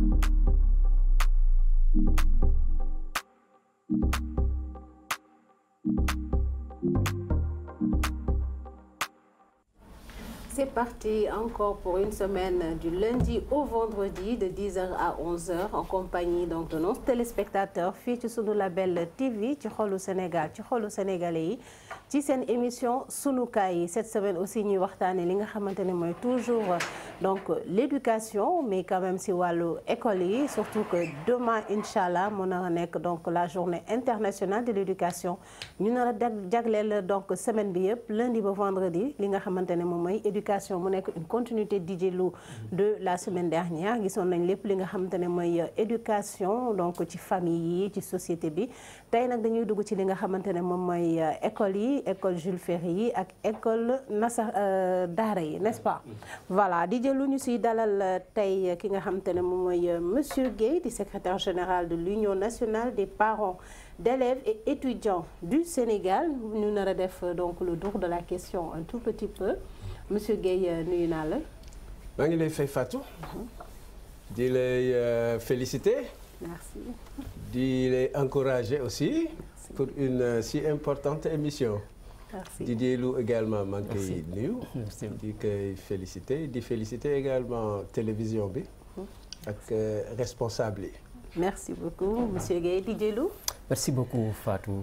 thank you c'est parti encore pour une semaine du lundi au vendredi de 10h à 11h en compagnie donc de nos ci sunu label ci xolu Sénégal yi ci seen émission sunukaay yi cette semaine aussi ñuy waxtaane li nga xamante ne mooy toujours donc l'éducation mais quand même si wàllu école yi surtout que demain inchallah mën na nekk donc la journée internationale de l'éducation ñu nar a jagleel semaine bi yëpp lundi ba vendredi li nga xamante moom mooy communication mu nekk une continuité DJ Lô de la semaine dernière gisoon nañ lépp li nga xamante ne mooy euh, éducation donc ci famille yi ci société bi tey nag dañuy dugg ci li nga xamante ne moom mooy euh, école yi école Jules Ferry yi ak école nasa euh, daara yi n'est-ce pas voilà DJ Lô ñu si dalal tey ki nga xamante ne moom mooy monsieur Guèye di secrétaire général de l'Union nationale des parents d'élèves et étudiants du Sénégal ñu nar def donc le tour de la question un tout petit monsieur Guèye euh, nuyu naa la. maa ngi lay fa Fatou. Mhm. di lay euh, féliciter. di lay encourager aussi. Merci. pour une euh, si importante émission. merci Didier Lou également maa ngi nuyu. di koy féliciter di féliciter également télévision bi. Mhm. ak responsable yi. merci beaucoup monsieur Guèye Didier Lou. merci beaucoup Fatou.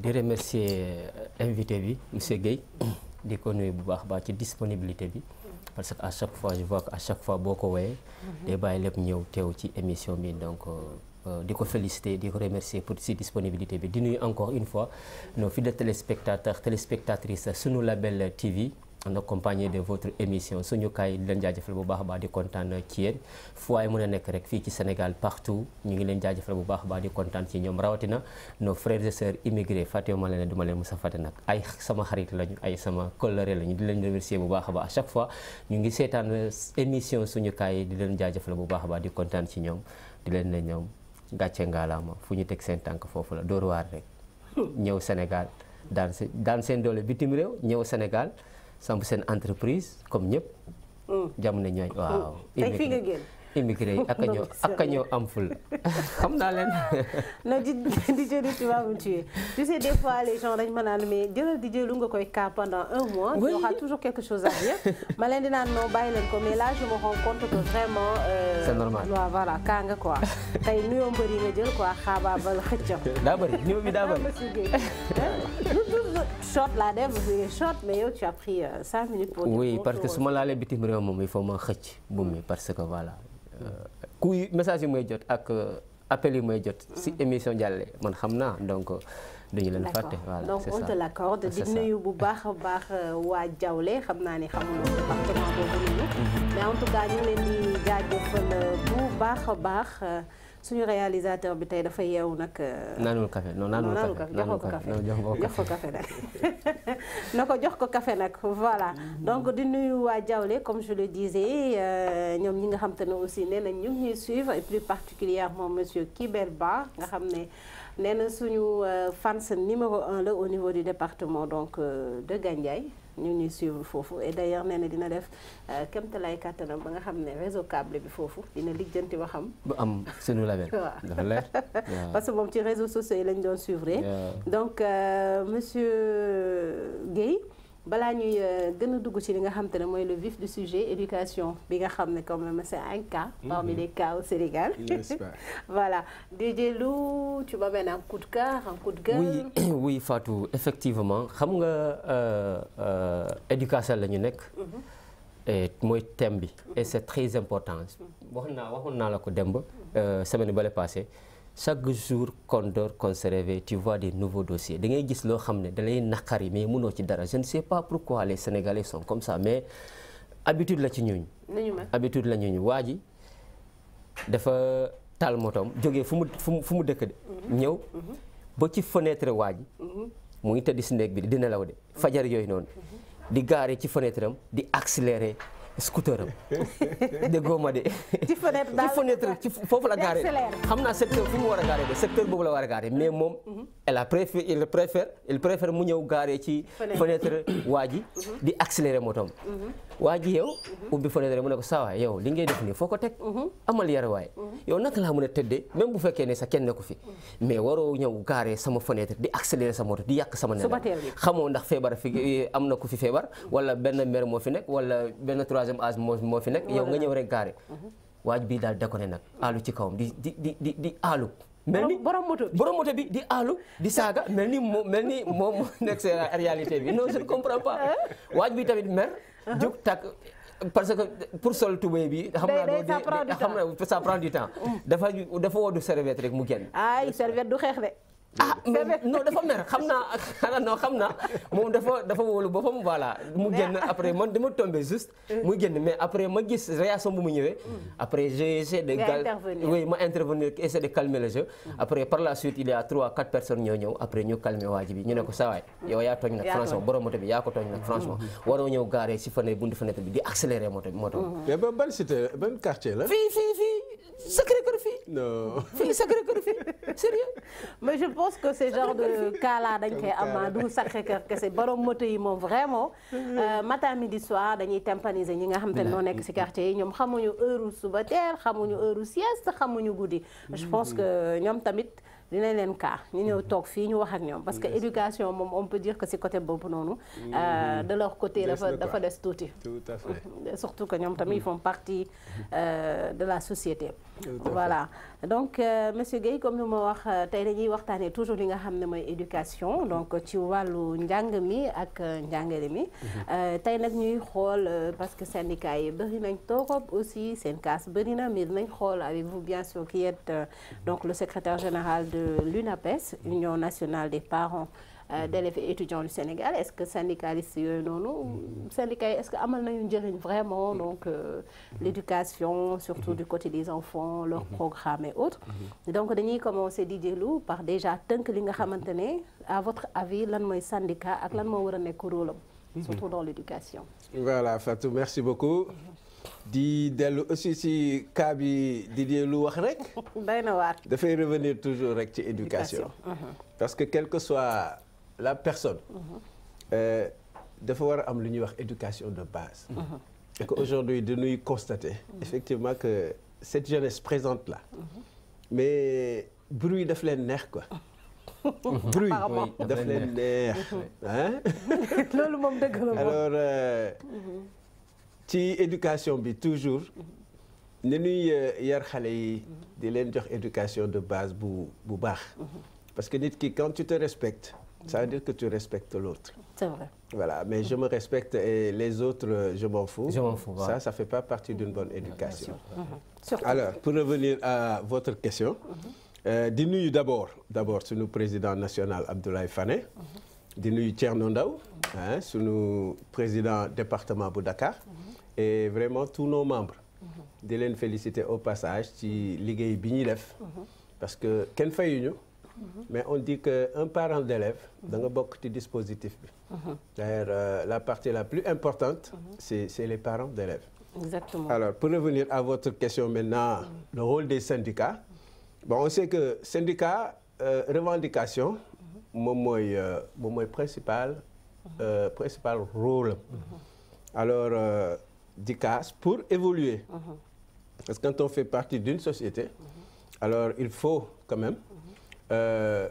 di remercier invité bi monsieur Guèye. di ko nuyu bu baax baax ci disponibilité bi parce que à chaque fois je vois à chaque fois boo ko woyee mhm. day bàyyi lépp ñëw teew ci émission bi donc euh, euh, di ko féliciter di ko remercier pour si disponibilité bi di nuyu encore une fois nos fidèles téléspectateurs téléspectatrices sunu label TV en accompagné de votre émission suñu kaay di leen jaajëfal bu baax a baax di kontaan ci yéen rek fii ci Sénégal partout ñu ngi leen jaajëfal bu baax a baax di kontaan ci ñoom rawatina nos frères et sœurs immigrés fàttewu ma leen duma leen musa nag ay sama xarit lañu ay sama coloré lañu di leen remercier bu baax a baax à chaque fois ñu ngi seetaan émission suñu kaay di leen jaajëfal bu baax a baax di kontaan ñoom di leen ne ñoom gàcce ngaalaama fu ñu teg seen tànk foofu la dóor waar rek ñëw Sénégal daan seen daan seen doole bitim réew ñëw Sénégal samp seen entreprise comme ñëpp. jàmm ne ñooñ waaw. Mm. immigré yi ak ñoo ak ñoo am ful xam naa leen. non di di jëli tu vas me tuer tu sais des fois les ma naan mais jëlal di jëlu nga koy cas pendant un mois. oui il y aura toujours quelque chose à dire. ma leen di naan non bàyyi leen ko mais là je me rends compte que vraiment. Euh, c'est normal waaw voilà kaa nga quoi tey nuyoo mbër yi nga jël quoi xaabaabal xëccam. daa bëri nuyoo bi daa bëri. short laa dem short mais yow tu as pris 5 euh, pour oui parce su ma laalee bitim réew moom Euh, kuy message yi may jot ak euh, appel yi may jot si mm-hmm. émission jàlle man xam naa donc euh, duñu leen fàtte voilà donc on te l'accorde di bu baax a baax waa Jawle xam naa ni xam département boobu noonu mm-hmm. mais ñu leen di jaajëfal bu baax baax suñu réalisateur bi tey dafa yeewu nag. Euh, naanul café non naanul café jox ko café jox ko café nag na ko jox ko kafe nag voilà mhm. donc di nuyu waa jawle comme je le disais euh, ñoom ñi nga xam te ne aussi nee nañ ñu ngi ñuy suivre et plus particulièrement monsieur Kiber Ba nga xam ne nee na suñu euh, fans numéro un la au niveau du département donc de Gandiaye ñu ñuy suivre foofu et d'ailleurs nee na dina def euh, kéemtalaay kàttanam ba nga xam ne réseau câble bi foofu dina lijjanti ba xam. bu am sunu label. dafa leer parce que moom ci réseaux sociaux yi lañ doon suivre. donc euh, monsieur Guèye. balaa ñuy euh, gën a dugg ci li nga xam te ne mooy le vif du sujet éducation bi nga xam ne quand même c'est un cas mm-hmm. parmi les cas au Sénégal voilà Didier Lou tu m'amènes un coup de cœur un coup de gueule oui oui effectivement xam nga euh, euh, éducation la ñu nekk mm-hmm. mooy thème bi et mm-hmm. c'est très important waxoon naa waxoon naa la ko demb semaine bale passé chaque jour qu'on dort qu'on se réveille tu vois des nouveaux dossiers da ngay gis loo xam ne da lay naqari mais mënoo ci dara je ne sais pas pourquoi les sénégalais sont comme ça mais habitude la ci ñooñu. habitude la ñooñu waa ji dafa taal motom jógee fu mu fu mu fu mu dëkk de. Mhm. ñëw mhm. ba ci fenêtre waa ji. Mhm. mu ngi tëdd si néeg bi di nelaw de fajar yooyu noonu. di gaare ci fenêtre am di accélérer. scooter am déggoo ma de. ci fenêtre daal foofu la gaaree. xam naa secteur fu mu war a gaaree de secteur boobu la war a gaaree mais moom. Mhm. elle a préfère il préfère il préfère mu ñëw gaaree ci. fenêtre waa ji di accélérer motom waa ji yow ubbi fenêtre mu ne ko saawaay yow li ngay def nii foo ko teg mhm. amal yar waay mhm. naka laa mën a tëddee même bu fekkee ne sa kenn nekku fi mhm. mais waroo ñëw gaare sama fenêtre di accélérer sa moto di yàq sama nelaw xamoo ndax feebar fi eh, am na ku fi feebar fi nekk wala benn troisième âge moo moo fi nekk yow nga di di di di di aalu mel ni borom moto bi borom moto bi di aalu di saaga mel ni moo mel ni réalité bi non je ne comprends pas waaj bi tamit mer jóg takk parce que pour sol tubéy bi. xam naa xam naa ça prend du temps. Mm. dafa dafa woo du serviette rek mu génn. ay serviette du xeex de. ah mais non dafa mer xam naa xanaa non xam naa moom dafa dafa wóolu boppam voilà. mu génn ah. après man dama tombé juste. Mm. mu génn mais après ma gis réaction bu mu ñëwee. Mm. après j'ai essayé ma intervenir essayer de calmer le jeu. Mm. après par la suite il y a trois quatre personnes ñoo ñëw après ñu calmer waa bi ñu ne ko saa waay yow yaa tooñ nag franchement borom moto bi yaa ko tooñ nag franchement waroo ñëw gaaree si fenêtre buntu fenêtre bi di accélérer moto bi moto bi. mais ban ban cité ban quartier la. Sacré-Cœur fii. non fii Sacré-Cœur fii sérieux mais je pense que ce genre de cas dañ koy am ah, du Sacré-Cœur kese borom moto yi moom vraiment. Mm-hmm. Euh, matin midi soir dañuy tympaniser ñi nga xam te noo nekk si quartier yi ñoom xamuñu heure suba teel xamuñu heure sieste xamuñu guddi. je pense mm-hmm. que ñoom tamit. dinañ leen kaa ñu ñëw mhm. toog fii ñu wax ak ñoom parce que éducation moom on peut dire que si côté boobu noonu mhm. euh, de leur côté dafa dafa des tuuti tout surtout que ñoom tamit ils font partie mhm. euh, de la société voilà donc euh, monsieur Guèye comme ni ma wax euh, tey dañuy waxtaanee toujours li nga xam ne mooy éducation mm-hmm. donc ci wàllu njàng mi ak euh, njàngale mi. Mm-hmm. tey nag ñuy xool parce que syndicats yi bëri nañ torop aussi seen kaas bëri na mais dinañ xool avec vous bien sûr qui est mm-hmm. donc le secrétaire général de l'UNAPES Union nationale des parents. Euh, d'élèves et étudiants du Sénégal est-ce que syndicalistes yooyu noonu syndicats yi est-ce que amal nañu njëriñ vraiment donc euh, l'éducation surtout du côté des enfants leur mhm. programme et autres mhm. donc dañuy commencer Didier Lou par déjà tënk li nga xamante ne à votre avis lan mooy syndicat ak lan moo war a nekk rôle am mhm. surtout dans l'éducation voilà Fatou merci beaucoup di dellu aussi si cas bi Didier Lou wax rek. day na waar dafay revenir toujours rek ci éducation. parce la personne euh, dafa war a am lu ñuy wax éducation de base mm-hmm. et que aujourd'hui dañuy constater mm-hmm. effectivement que cette jeunesse présente là mm-hmm. mais bruit daf leen neex ko bruit daf leen neex ah loolu moom dëgg la alors euh, ci éducation bi toujours ni ñuy euh, yar xale yi di leen jox éducation de base bu bu baax parce que nit ki quand tu te respectes ca veut dire que tu respectes l'autre. C'est vrai. mais je me respecte et les autres, euh, je m'en fous. Je m'en fous. Ouais. Ça, ça ne fait pas partie d'une bonne éducation. Mmh. Alors, pour revenir à votre question, mmh. d'abord d'abord suñu président national Abdoulaye Fane. Mmh. di nuyu Thierno Ndaw. ah mhm. suñu président département bu Dakar. Mhm. et vraiment tous nos membres. di leen féliciter au passage ci liggéey bi ñuy def. parce que kenn fayuñu. mais on dit que un parent d'élève da nga bokk ci dispositif bi d'ailleurs euh, la partie la plus importante c'est c'est les parents d'élèves exactement alors pour revenir à votre question maintenant le rôle des syndicats bon on sait que syndicat euh, revendication moom mooy euh, moom mooy principal euh, principal rôle alors euh, DICAS pour évoluer parce que quand on fait partie d'une société alors il faut quand même euh,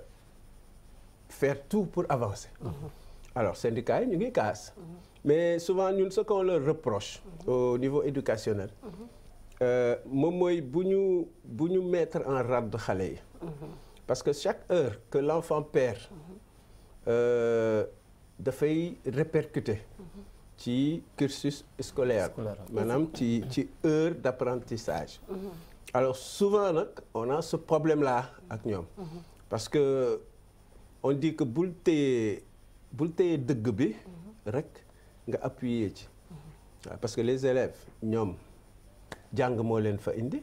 faire tout pour avancer. Mm -hmm. alors syndicats yi ñu ngi casse. Mhm. mais souvent ñun ce qu'on leur reproche. Mhm. au niveau éducationnel. Mhm. Euh, moom mooy bu ñu bu ñu mettre en rade xale yi. parce que chaque heure que l'enfant perd. Euh, dafay répercuter. ci cursus scolaire. maanaam ci ci heure d'apprentissage. alors souvent nag on a ce problème là ak ñoom. parce que on dit que bul téye bul téye dëgg bi. rek nga appuyer ci. waaw parce que les élèves ñoom jàng moo leen fa indi.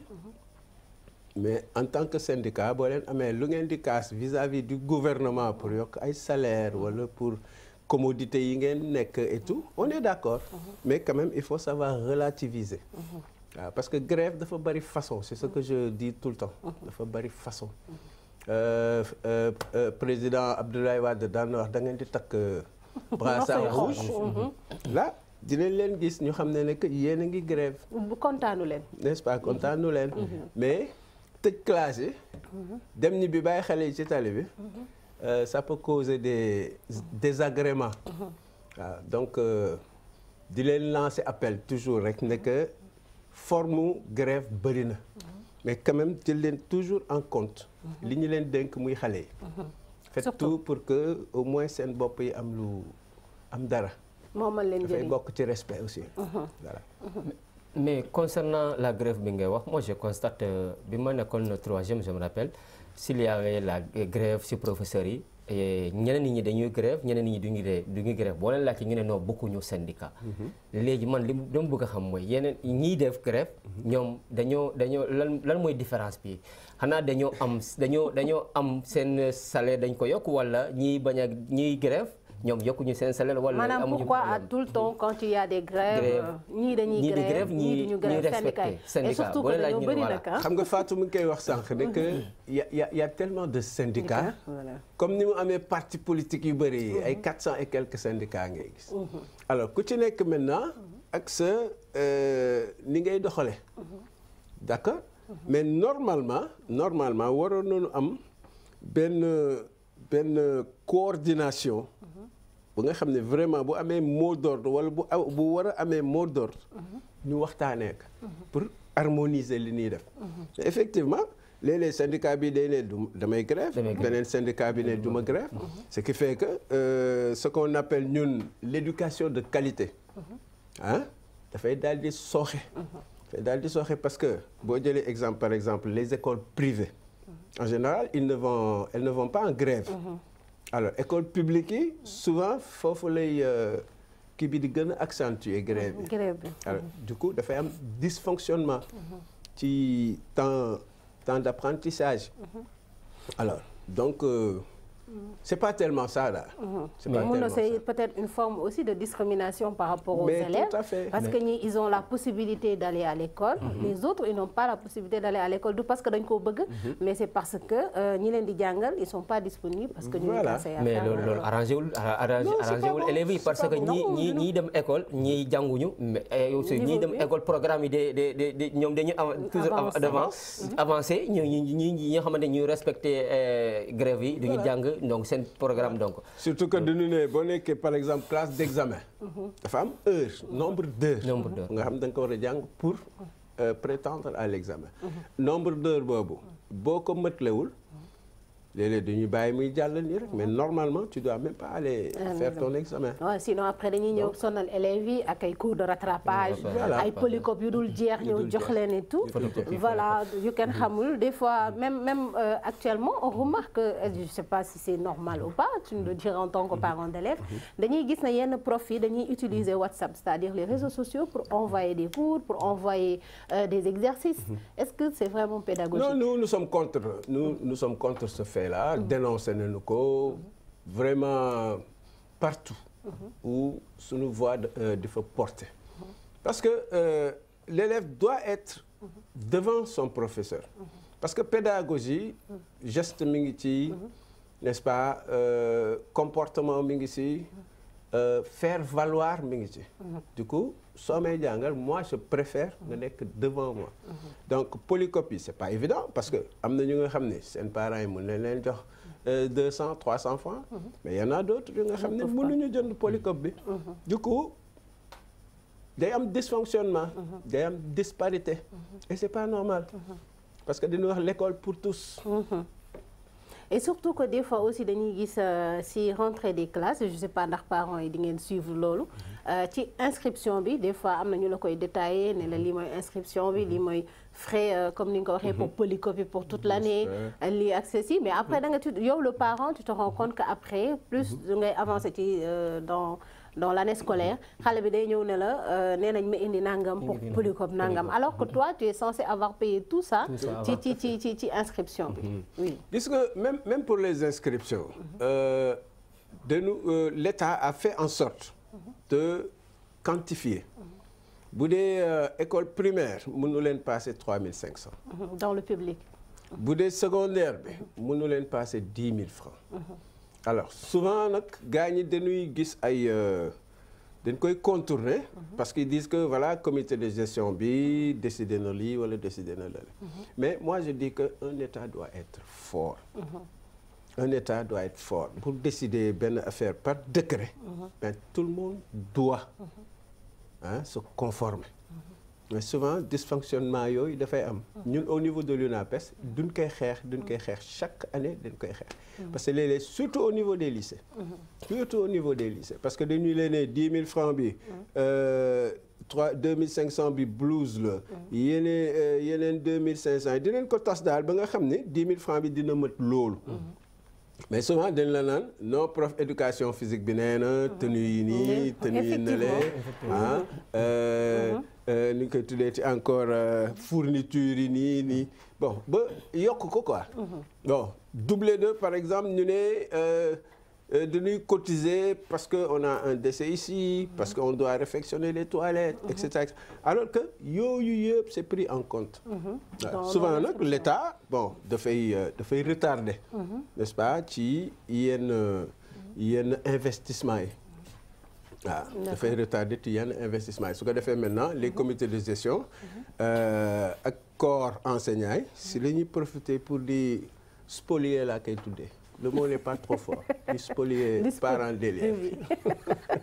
mais en tant que syndicat boo leen amee lu ngeen di kaas vis-à-vis du gouvernement pour yokk ay salaire wala pour commodité yi ngeen nekk et tout on est d'accord. Mhm. mais quand même il faut savoir relativiser. Mhm. waaw ah, parce que grève dafa bari façon c'est ce que je dis tout le temps mhm. dafa bari façon mhm. euh, euh, euh, président Abdoulaye Wade daan wax da di takk brassard rouge mhm. là dinañ leen gis ñu xam ne ne que a ngi grève bu kontaanu leen n'est-ce pas kontaanu leen mais tëj classe yi dem ñi bi bàyyi xale yi ci tali bi ça peut causer des désagréments waaw ah, donc di leen lancer appel toujours rek ne forme grève bëri na mais quand jël leen toujours en compte li ñu leen dénk muy xale yi faites tout pour que au moins seen bopp yi am lu am dara moo mën leen jëriñ dafay bokk ci respect aussi mais concernant la grève bi ngay wax moi je constate euh, bi ma nekkoon le troisième je me rappelle si li avait la grève si professeurs yi Eh, ñeneen nit ñi dañuy grève ñeneen nit ñi duñu du ñu grève boo leen laajte ñu ne non seen syndicat. Mhm. léegi man li mu bëgg a xam mooy yeneen ñiy def grève. Mhm. ñoom dañoo dañoo lan lan mooy différence bi xanaa dañoo am dañoo dañoo am seen salaire dañ ko yokk wala ñii bañ a ñiy grève ñoom yokkuñu seen salaire wala maanaam pourquoi à tout le temps quand ñii dañuy ñii duñu grève respecté syndicat surtout que dañoo bëri nag xam nga Fatou mu ngi koy wax sànq ne que mm-hmm. y a de syndicats mm-hmm. comme ni mu amee parti politique yu bëri yi ay mm-hmm. quatre cent et quelques syndicats ngay gis alors ku ci nekk maintenant ak sa euh, ni ngay doxale d'accord mais normalement normalement waroon nañu am benn benn coordination bu nga xam ne vraiment bu amee mot d'ordre wala bu bu war a amee mot d'ordre mhm. ñu waxtaanee ko mhm. pour harmoniser li nuy def mhm. effectivement léeg-léeg syndicat bi day ne du damay grève beneen syndicat bi ne duma ma grève ce qui fait que euh, ce qu'on appelle ñun l'éducation de qualité ah dafay daal di sooxe dafay daal di sooxe parce que boo jëlee exemple par exemple les écoles privées en général ils ne vont elles ne vont pas en grève alors école publique yi souvent foofu lay euh, kii bi di gën a accentuer grève bi alors mhm. du coup dafay am dysfonctionnement mhm. ci temps temps d'apprentissage mhm. alors donc euh, c'est pas tellement ça là. Mm-hmm. c'est pas tellement peut-être une forme aussi de discrimination par rapport aux mais élèves. parce que ñi ils ont la possibilité d'aller à mm-hmm. pas la parce que dañ koo mm-hmm. euh, leen di jàngal ils sont pas disponibles. parce que ñu ngi dem école ñi jànguñu mais eh, dem école programme de de de ñoom avancé ñu ñi ñi ñi nga xamante eh, ñu respecté donc seen programme donc. surtout que dañu ne boo nekkee par exemple classe d'examen. dafa am heure nombre d'heures. nombre d'heures nga xam da ko war a jàng pour euh, prétendre à l'examen. Mhm. nombre d'heures boobu boo ko mëtlewul. léeg-léeg dañuy bàyyi muy jàll nii mais normalement tu dois même pas aller ah, faire ton examen. sinon après dañuy ñëw sonal élèves yi ak ay cours de rattrapage. ay polycope yu dul jeex ñëw jox leen et tout. voilà yu kenn xamul des fois même euh, actuellement on remarque euh, je sais pas si c'est normal ou pas tu me le diras en tant que mhm. parent d'élève mhm. dañuy gis sommes contre ce fait. fait là mhm. dénoncé nanu ko mhm. vraiment partout mhm. où suñu voix euh, di fa porter parce que euh, l'élève doit être devant son professeur parce que pédagogie geste mi ngi ci n'est-ce pas euh, comportement mi ngi ci euh, faire valoir mi ngi ci du coup soo may jàngal moi je préfère nga nekk devant moi. Mhm. donc polycopie c'est pas évident parce que am na ñu nga xam ne seen parents yi mun nañ leen jox euh, deux cent trois cent francs. Mhm. mais y en a d'autres nga xam ne mënuñu jënd polycope bi. Mhm. du coup day am dysfonctionnement. day am disparité. et c'est pas normal. parce que dañuy wax l'école pour tous. et surtout que des fois aussi dañuy gis euh, si rentrée des classes je sais parents yi di ngeen suivre loolu euh, ci inscription bi des fois am na ñu la koy détaillé ne la lii mooy inscription bi lii mooy frais euh, comme ni nga ko waxee pour mhm. polycopie pour toute l'année lii accessible mais après da nga yow le parent tu te rends compte que après plus mhm. ngay avancer ci dans dans l'année scolaire xale bi day ñëw ne la euh, nee nañ ma indi nangam pour polycop nangam alors que toi tu es censé avoir payé tout ça ci ci ci ci ci inscription bi mhm. oui gis nga même même pour les inscriptions mhm. euh, dañu euh, l'État a fait en sorte mhm. de quantifier bu dee école primaire mënu leen passer trois mille cinq dans le public bu dee secondaire bi mënu leen passer dix mille francs alors souvent nag gars ñi dañuy gis ay euh, dañ koy contourner mhm. parce qu'ils disent que voilà comité de gestion bi décider na lii wala décider na lale mhm. mais moi je dis que un état doit être fort mhm. un état doit être fort pour décider benn affaire par décret mais tout le monde doit hein, conformer souvent dysfonctionnement yooyu dafay am ñun au niveau de l'UNAPES duñ koy xeex duñ koy xeex chaque année dañ koy xeex mm-hmm. parce que léeg-léeg surtout au niveau des lycées mm-hmm. surtout au niveau des parce que dañuy leen ne dix mille francs bi mm-hmm. euh, trois deux mille cinq cent bi blouse la yeneen euh, yeneen deux mille cinq cent yi dinañ ko tas daal ba nga xam ne dix mille francs bi dina mët loolu mais souvent dañ la naan non prof éducation physique bi nee na tenue yi nii tenue yi na lee li euh, ñu koy tuddee ci encore euh, fourniture yi nii nii bon ba yokk ko quoi. Mhm. bon double e deux par exemple ñu ne. Euh, dañuy cotiser parce que on a un décès ici parce que on doit réfectionner les toilettes mm alors que yooyu yëpp c'est pris en compte mm -hmm. euh, souvent nag l'État bon dafay dafay retarder mhm. n'est-ce pas ci yenn mhm. investissement yi waaw ah, dafay retardé ci yenn investissement yi su ko defee maintenant les mhm. comités de gestion mhm. euh, ak corps enseignants yi si li ñuy profiter pour di spolier laa koy tuddee le mot n'est pas trop fort di spolier parents d'élèves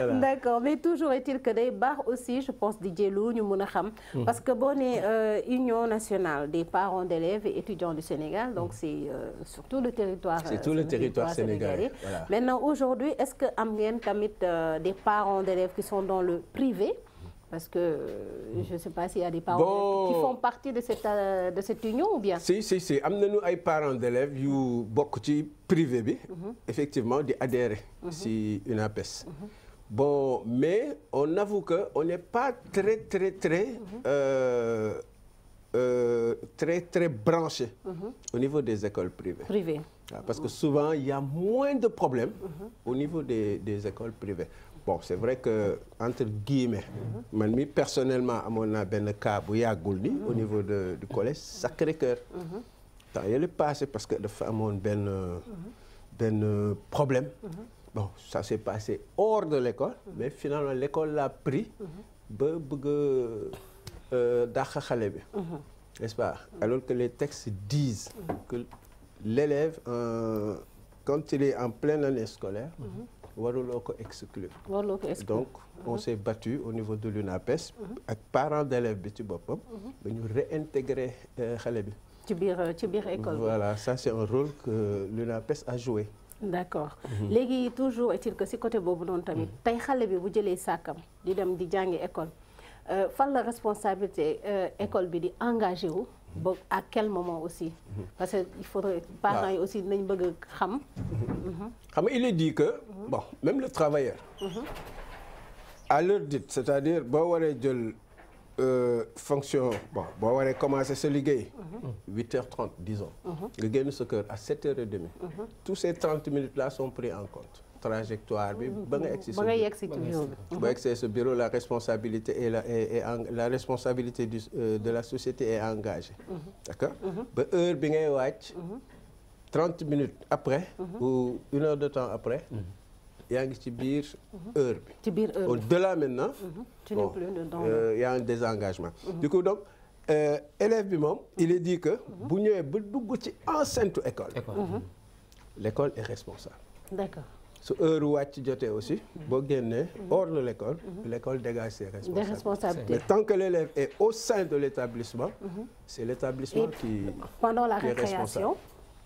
d' accord mais toujours est-il que day baax aussi je pense di jëlu ñu mën a xam. Mhm. parce que boo nee euh, union nationale des parents d' élèves et étudiants du Sénégal donc mhm. c' euh, surtout le territoire. c' euh, tout le territoire sénégalais voilà. maintenant aujourd'hui est ce que am ngeen tamit des parents d' élèves qui sont dans le privé. parce que euh, mhm. je ne sais pas s'il y a des parents bon. qui font partie de cette euh, de cette union ou bien. yu bokk ci privé bi. Mm effectivement di adhérer. Mm si UNAPES. Mm bon mais on avoue que on n'est pas très très très mhm. euh, euh, très très branché mhm. au niveau des écoles privées. privées. Ah, parce que souvent il y a moins de problèmes mhm. au niveau des des écoles privées. bon c'est vrai que entre guillemets man mi personnellement amoon naa benn cas bu yàggul ni au niveau de du collège Sacré-Cœur temps yële passé parce que dafa amoon benn benn problème bon ça s'est passé hors de l'école mais finalement l'école l'a pris ba bëgg a euh, dàq xale bi n'est-ce pas alors que les textes disent que l'élève euh, quand il est en pleine année scolaire waruloo ko exclure donc on mhm. s'est battu au niveau de l'UNAPES mhm. ak parents d'élèves bi ci boppam mhm. ba réintégrer euh, xale bi ci biir ci voilà ça c'est un rôle que l'UNAPES a joué d'accord mhm. léegi toujours est-il que si côté boobu noonu tamit mhm. tey xale bi bu jëlee sàkkam di dem di jàngi école euh, fan la responsabilité euh, école bi di engagé wu ba à quel moment aussi mhm. parce que il faudrait parents yi aussi nañ bëgg a xam xam nga il est que bon même le travailleur à l'heure dite c'est-à-dire boo waree jël Euh, fonction bon boo waree commencer sa liggéey. 8h30 disons. nga génn sa kër à 7h30. tous ces 30 minutes là sont pris en compte. trajectoire bi ba nga egsi. ba nga egsi ba egsi ce bureau la responsabilité et la et la responsabilité du euh, de la société est engagée. d'accord ba heure bi ngay wàcc. 30 minutes après. ou une heure de temps après. yaa ngi ci biir mhm. heure bi. ci biir heure bi au delà maintenant. Mhm. tu n'es euh, un désengagement. Mhm. du coup donc euh, élève bi moom il est di que. bu ñëwee ba dugg ci enceinte école. l'école est responsable. d'accord. su heure wàcc jotee aussi boo génnee hors de l'école l'école dégage ses responsabilités mais tant que l'élève est au sein de l'établissement c'est l'établissement qui pendant la récréation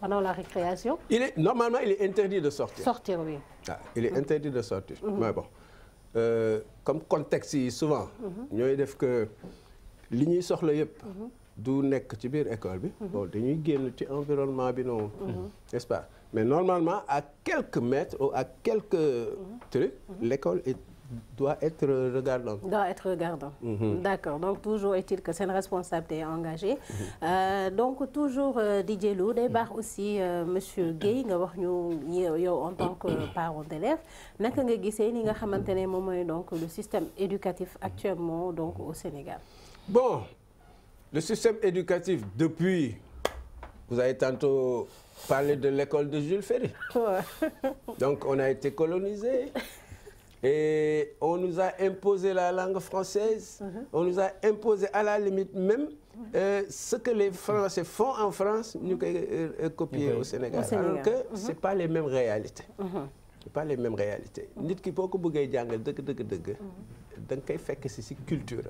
pendant la récréation. il est normalement il est interdit de sortir. sortir oui. ah il est mm-hmm. interdit de sortir. Mm-hmm. mais bon euh, comme contexte yi souvent. Mm-hmm. ñooy def que li ñuy soxla yëpp. du nekk ci biir école bi. bon dañuy génn ci environnement bi noonu. n'est-ce pas mais normalement à quelques mètres ou à quelques trucs l'école est doit être regardant. doit être regardant. Mm -hmm. d'accord donc toujours est-il que seen responsabilité est engagée. Mm -hmm. euh, donc toujours euh, Didier Lou day baax aussi euh, monsieur Guèye nga wax ñu yow en tant que parent d'élève naka nga gisee ni nga xamante ne moom mooy donc le système éducatif actuellement donc au Sénégal. bon le système éducatif depuis vous avez tantôt parlé de l'école de Jules Ferry. Ouais. donc on a été colonisé. Et on nous a imposé la langue française, uh-huh. on nous a imposé à la limite même euh, ce que les Français font en France, nous euh, euh, copier au Sénégal. Alors que uh-huh. c'est pas les mêmes réalités. Uh-huh. nit ki boo ko bëggee jàngal dëgg dëgg dëgg. da nga koy fekk si si culture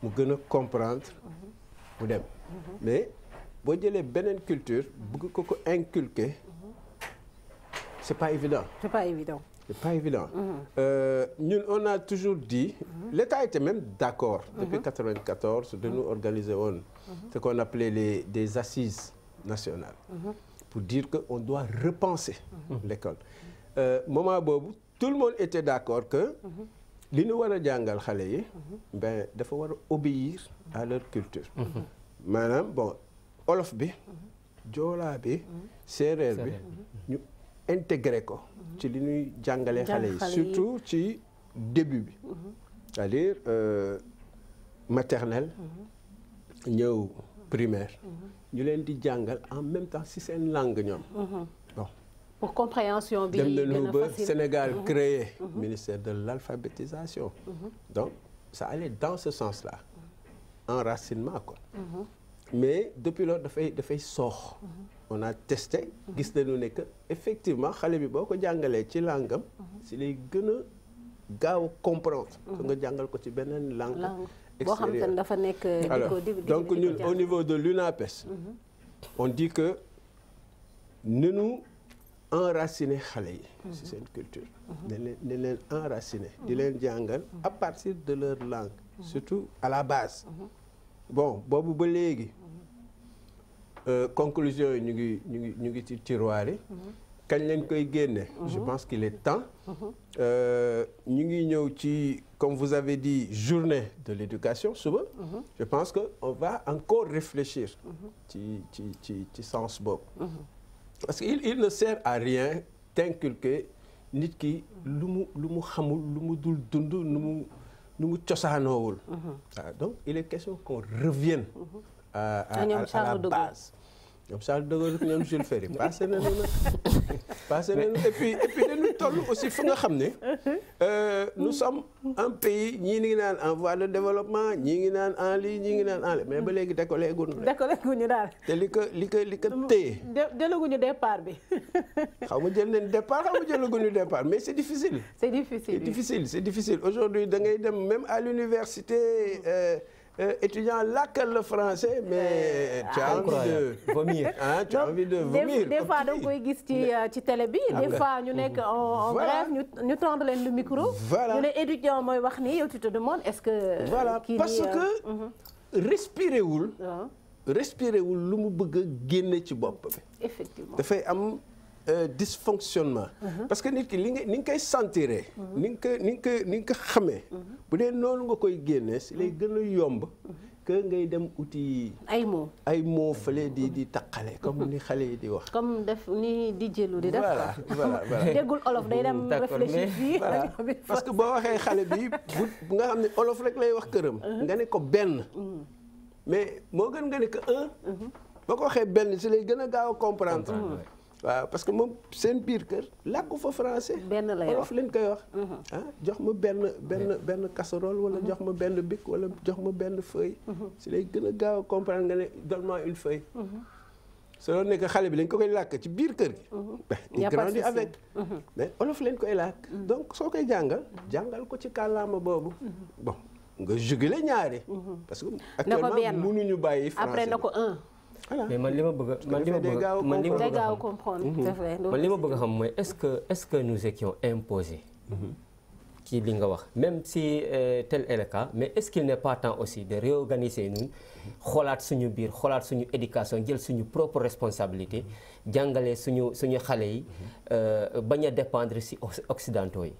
mu gën a comprendre. mu dem mais boo jëlee beneen culture bëgg ko ko inculquer. c'est pas évident. C'est pas évident. Mm-hmm. Euh, on a toujours dit, mmh. l'État était même d'accord mm-hmm. depuis 1994 mmh. de nous mm-hmm. organiser on, ce qu'on appelait les, des assises nationales, pour dire qu'on doit repenser l'école. Euh, moment bobu, tout le monde était d'accord que li ñu war jàngal xale yi. dafa war a obéir à leur culture. maanaam bon olof bi. joolaa bi. séeréer bi intégré ko. ci li ñuy jàngalee xale yi surtout ci début bi. c'est-à-dire euh, ñëw primaire. ñu leen di jàngal en même temps si seen langue ñoom. bon pour compréhension ba Sénégal mhm. créé. Mhm. ministère de l'alphabétisation. Mhm. donc ça allait dans ce sens-là enracinement quoi. mais depuis dafay dafay soox. on a testé. gis mhm. nañu ne que effectivement xale bi boo ko jàngalee ci làngam. Mhm. si lay gën a gaaw a comprendre. que mhm. nga jàngal ko ci beneen langue. boo xam te ne dafa nekk. alors donc ñun au niveau de l'UNAPES. on dit que nanu enraciner xale yi. ci seen culture. ne leen ne leen enraciner. di leen jàngal à partir de leur langue. surtout à la base. bon boobu ba léegi. Euh, conclusion yi ñu ngi ñu ngi ñu ngi ci tiroir yi. Mhm. kañ leen koy génne. Mhm. je pense qu'il est temps. Mhm. Euh, ñu ngi ñëw ci comme vous avez dit journée de l'éducation suba. je pense que on va encore réfléchir. ci ci ci ci sens boobu. parce que il il ne sert à rien d'inculquer nit ki lu mu lu mu xamul lu mu dul dund lu mu lu mu cosaanoowul. Ah, donc il est question qu'on revienne à, à, à, à la base. ñoom Charles de Gaulle ñoom Jules Ferry passé nañu nag passé nañu et puis et puis dañu aussi fu nga xam ne euh, nous sommes un pays ñii ngi naan en voie de développement ñii ngi naan en lii ñii ngi naan en ligne mais ba léegi décollé guñu décollé ñu daal te li ko li ko li ko téye jëlaguñu départ bi xaw ma jël nañ départ xaw ma jëlaguñu départ mais c'est difficile c'est difficile c'est difficile c'est difficile aujourd'hui da ngay dem même à l'université euh, Euh, étudiant làkkal le français mais. Euh, tu as envie de vomir ah tu as gis ci euh, ci télé bi. des fois nekk en bref ñu ñu tendre le micro. voilà ne étudiant mooy wax ni yow tu te demandes est-ce que. voilà parce que. Mhm. Ah. wul. lu mu bëgg a génne ci bopp bi. effectivement am. Euh, dysfonctionnement. Mhm. parce que nit ki li nga ni nga koy sentiree. Mhm. ni nga ko ni nga ko ni nga ko xamee. Mhm. bu dee noonu nga koy génnee si lay gën a yomb. que ngay dem uti. ay mots ay mots di di taqale comme ni xale yi di wax. comme def ni di jëlu di def. voilà voilà voilà déggul olof day dem réfléchir fii. parce que boo waxee xale bi bu nga xam ne olof rek lay wax këram. nga ne ko benn. mais moo gën nga ne ko boo ko waxee benn si lay gën a gaaw a comprendre. waaw parce que moom seen biir kër làkku fa français. benn lay olof lañ koy wax. Mhm. Ah, jox ma benn benn benn casserole wala mhm. jox ma benn bic wala jox ma benn feuille. Mhm. si lay gën a gaaw a comprendre nga ne donne-moi une feuille. su doon xale bi lañ ko koy làkk ci biir kër gi. il grandit avec olof leen koy làkk. donc soo koy jàngal. jàngal ko ci kàllaama boobu. bon nga juguler ñaari. parce que actuellement mënuñu bàyyi français après na ko mais man li ma bëgg man li ma bëgg a man li ma bëgg a xam a mhm. mooy est-ce que est-ce que nous étions mhm. li nga wax même si euh, tel est le mais est-ce qu'il n'est temps aussi de réorganiser ñun xoolaat suñu biir xoolaat suñu éducation jël suñu propre responsabilité jàngale suñu suñu xale yi euh, bañ a dépendre si occidentaux yi.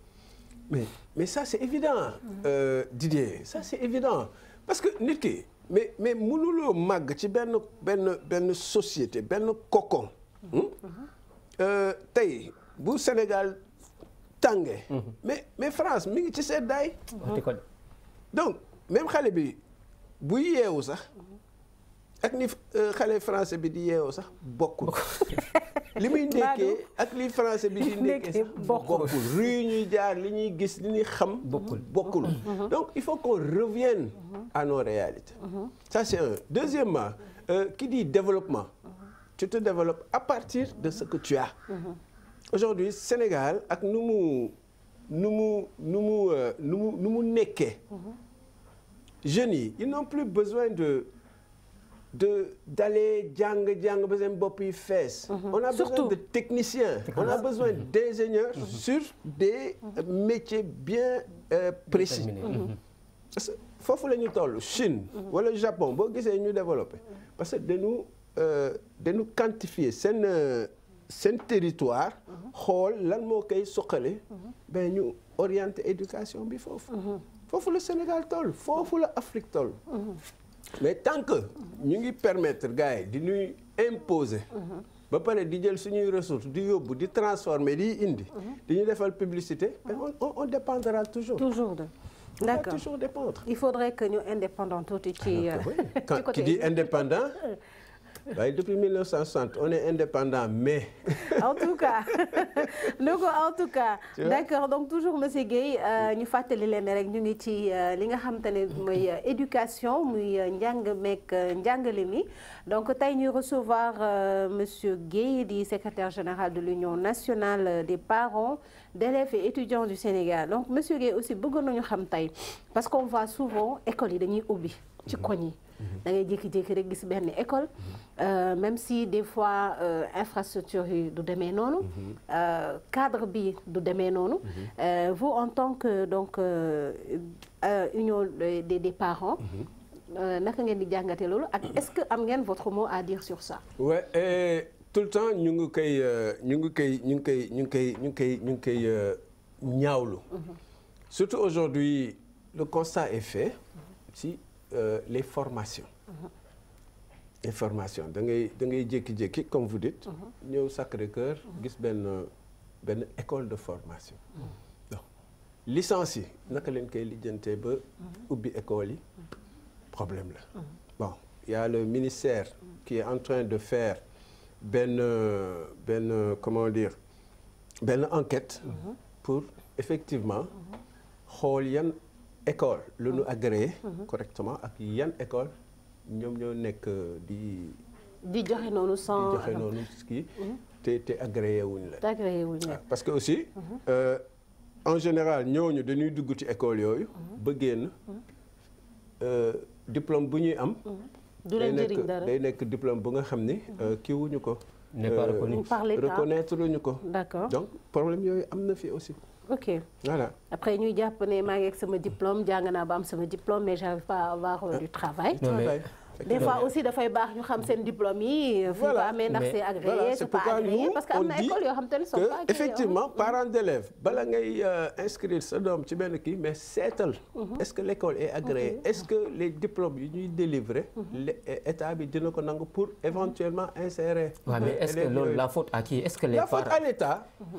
mais mais ça c'est évident mhm. euh, parce que nit ki. mais mais mënuloo màgg ci benn benn benn société benn cocon. Hmm? Uh-huh. Euh, tey bu Sénégal tàngee. Uh-huh. mais mais France mi ngi ci seddaay. donc même xale bi bu yeewu sax. Uh-huh. ak ni euh, xale français bi di yeewoo sax bokkul. li muy nekkee ak li français bi di nekkee sax bokkul. rue yi ñuy jaar li ñuy gis li ñuy xam. bokkul bokkul. Mm-hmm. Mm-hmm. donc il faut qu'on revienne à nos réalités. Mm-hmm. ça c'est deuxièmement euh, qui dit développement. tu te développes à partir de ce que tu as. aujourd'hui Sénégal ak nu mu nu mu nu mu euh, nu mu nu mu nekkee. yi ils n'ont plus besoin de. de d'aller jàng jàng ba seen bopp yi fees. Mhm. on a besoin de technicien on a besoin mhm. d'ingénieurs mhm. sur des euh, métier euh, bien précis. parce foofu la ñu toll Chine. wala Japon boo gisee ñu développé. parce que dañu euh, dañu quantifier seen seen territoire. xool lan moo koy suqale. ben ñu orienter éducation bi foofu. foofu la Sénégal toll foofu la Afrique toll. mais tant que ñu ngi permettre gars yi di ñuy imposer. ba pare di jël suñuy ressources di yóbbu di transformer di indi. di ñu defal publicité. on on dépendra toujours. toujours de d' accord on va toujours dépendre. il faudrait que ñu indépendant tuuti ci. Ah, euh, ci côté qui indépendant. waaye depuis 1960 on est indépendant mais. en tout cas Ndogo en tout cas. d' donc toujours monsieur Guèye euh, ñu fàttali leen rek ñu ngi ci euh, li nga xamante ne mooy euh, éducation muy njàng meeg njàngale mi donc tey ñuy recevoir monsieur Guèye di secrétaire général de l' union nationale des parents d' élèves et étudiants du Sénégal donc monsieur Guèye aussi bëggoon nañu xam tey parce qu'on voit souvent école yi dañuy ubbi ci koñ yi. da ngay jékki-jékki rek gis benn école euh, même si des fois euh, infrastructure yi du demee noonu euh, cadre bi du demee noonu vous en tant que donc union des des parents naka ngeen di jàngatee loolu ak est-ce que am ngeen votre mot à dire sur ça ouais, et... tout le temps ñu ngi koy ñu ngi koy ñu ngi koy ñu ngi koy ñu ngi koy ñu ngi koy ñaawlu mhm. surtout aujourd'hui le constat est fait Euh, les formation mhm. les formations da ngay da ngay jékki-jékki comme vous mhm. ñëw sacré mhm. gis benn benn école de formation. donc licence yi naka leen koy lijjantee ba. ubbi école yi problème la. bon il ministère. qui est en train de faire benn benn comment dire benn enquête. pour effectivement xool yan école lu ñu ah. agréé mhm. correctement ak yan école ñoom ñoo nekk euh, di di joxe noonu sans di joxe noonu kii mhm. te te agréé la ah, parce que aussi mhm. euh, en général ñooñu dañuy dugg ci école yooyu ba génn euh, diplôme bu ñuy am du leen jëriñ dara day nekk diplôme bu nga xam ni euh, kii ko n'est luñu ko donc problème yooyu am na fii aussi ok voilà après ñuy jàpp ne maa ngi ak sama diplôme jàng naa ba am sama diplôme mais j'arrive pas à avoir euh, euh, du travail. Non, aussi dafay baax ñu xam seen diplôme yi. voilà mais ndax c'est agréé c'est pas agréé parce que am na école yoo xam te ne sont pas effectivement parents d'élèves bala ngay euh, inscrire sa doom ci benn kii mais seetal. Mhm. est-ce que l'école est agréée est-ce que les diplômes yi ñuy délivrer. Mhm. l'état bi dina ko nangu pour éventuellement insérer. waaw mais est-ce que est-ce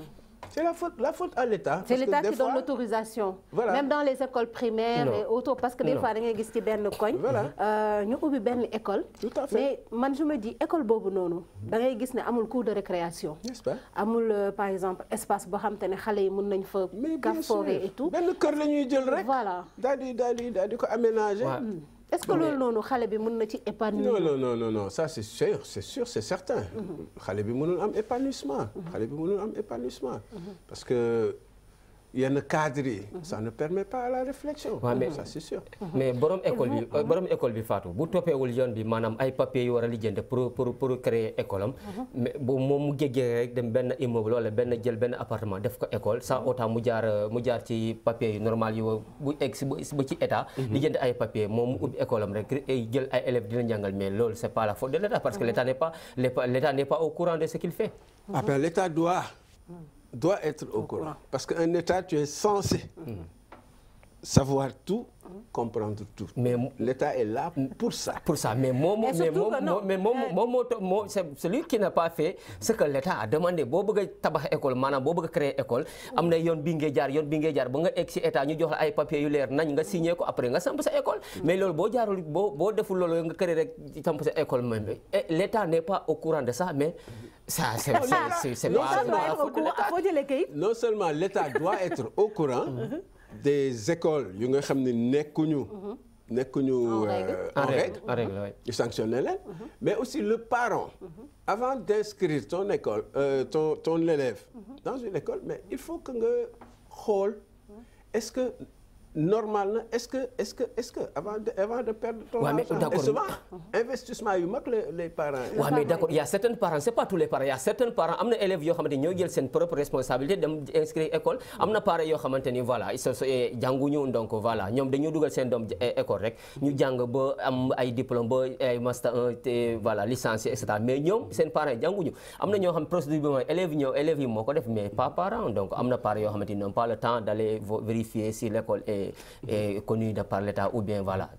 C'est la faute, la faute à l'État. C'est l'État qui fois... l'autorisation. Même dans les écoles primaires et autres, parce que des non. fois, nous avons ben coin. Voilà. Euh, nous avons école. Tout à fait. Mais moi, école bobu nono, da ngay gis né amul cours de récréation. N'est-ce pas? Amul euh, par exemple espace bo ne xale yi mun nañ fa gaforer et tout. Ben kër lañuy jël rek. Voilà. Dal di dal ko aménager. Hmm. est ce que loolu noonu xale bi mën na ci épanouir. non non non non ça c' est sûr c' est sûr c' est certain. Mm-hmm. xale bi mënul am épanouissement. Mm-hmm. xale bi mënul am épanouissement. Mm-hmm. parce que yenn cadre yi. ça ne permet pas la réflexion. mais euh, borom école bi borom école bu toppeewul yoon bi maanaam ay papiers yu war a lijjanti pour pour pour créer école am. Mhm. mais bu moom mu géggee rek dem benn immeuble wala benn jël benn appartement def ko école sa mhm. autant mu jaar euh, mu jaar ci papiers yu normal yu bu egg si ba ci état. lijjanti mhm. ay papiers moom mu ubbi école rek jël ay élèves dina jàngal mais loolu c'est pas la de l'état parce que l'état n'est pas l'état n'est pas au courant de doit être au, courant. courant. Parce qu'un État, tu es censé mmh. savoir tout, comprendre tout. Mais l'État est là pour ça. Pour ça. Mais mon, euh, moo mon, mon, mais mon, mon, mon, celui qui n'a pas fait l'État a demandé. boo tu tabax tabac école, maanaam boo bëgg a école, am na yoon bii ngay jaar, yoon bi ngay jaar ba nga egg ci État ñu jox la ay papiers yu leer nañ nga signé ko après nga samp école. Mais loolu boo jaarul boo boo deful loolu nga créer rek samp sa école même. L'État n'est pas au courant de ça mais. ça c'est c'est boo jëlee kayit non seulement l'État doit être au courant mm-hmm. des écoles yu nga xam ne nekkuñu mm-hmm. nekkuñu en règle ñu euh, sanctionner leen mm-hmm. mais aussi le parent avant d'inscrire ton école euh, ton ton élève dans une école mais il faut que nga xool est-ce que normal na est-ce que est-ce que est-ce investissement yu mag la les parents waaw mais d'accord il y a certains parents c'est pas tous les parents il certains parents am na élèves yoo xamante ni ñoo jël seen propre responsabilité dem inscrire école am na parents yoo xamante ni voilà so eh, donc voilà ñoom dugal seen doom eh, école rek ñu jàng ba am ay diplôme ba ay master mais ñoom seen parents yi jànguñu am na ñoo xam procédure bi mooy élèves yi moo ko def mais pas parents donc am na parents yoo xamante ni pas le temps est connue de par l'État ou bien voilà.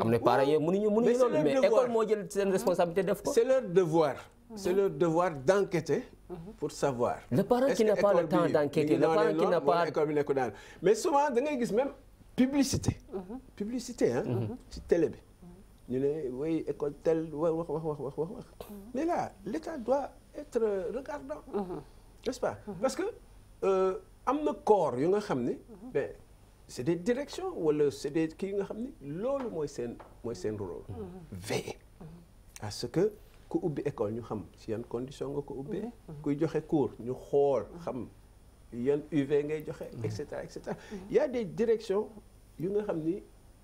am na parents yooyu mënuñu mënuñu loolu mais école moo jël seen responsabilité def ko. c'est leur devoir. c'est leur devoir d'enquêter pour savoir. le parent qui n'a pas le temps d'enquêter le parent qui n'a pas école bi nekkul daal mais souvent da ngay gis même publicité. publicité ah. ci télé bi. ñu ne oui école telle wax wax wax wax wax wax mais doit être regardant. Mhm. n'est-ce pas parce que euh, am na corps yu nga xam ne. c'est des direction wala c'est des kii nga xam ni loolu mooy seen mooy seen rôle. Mm-hmm. veiller à ce que ku ubbi école ñu xam ci yan condition nga ko ubbee. Mm-hmm. Mm-hmm. kuy joxe cours ñu xool xam yan UV ngay joxe. et cetera des directions yu nga xam ni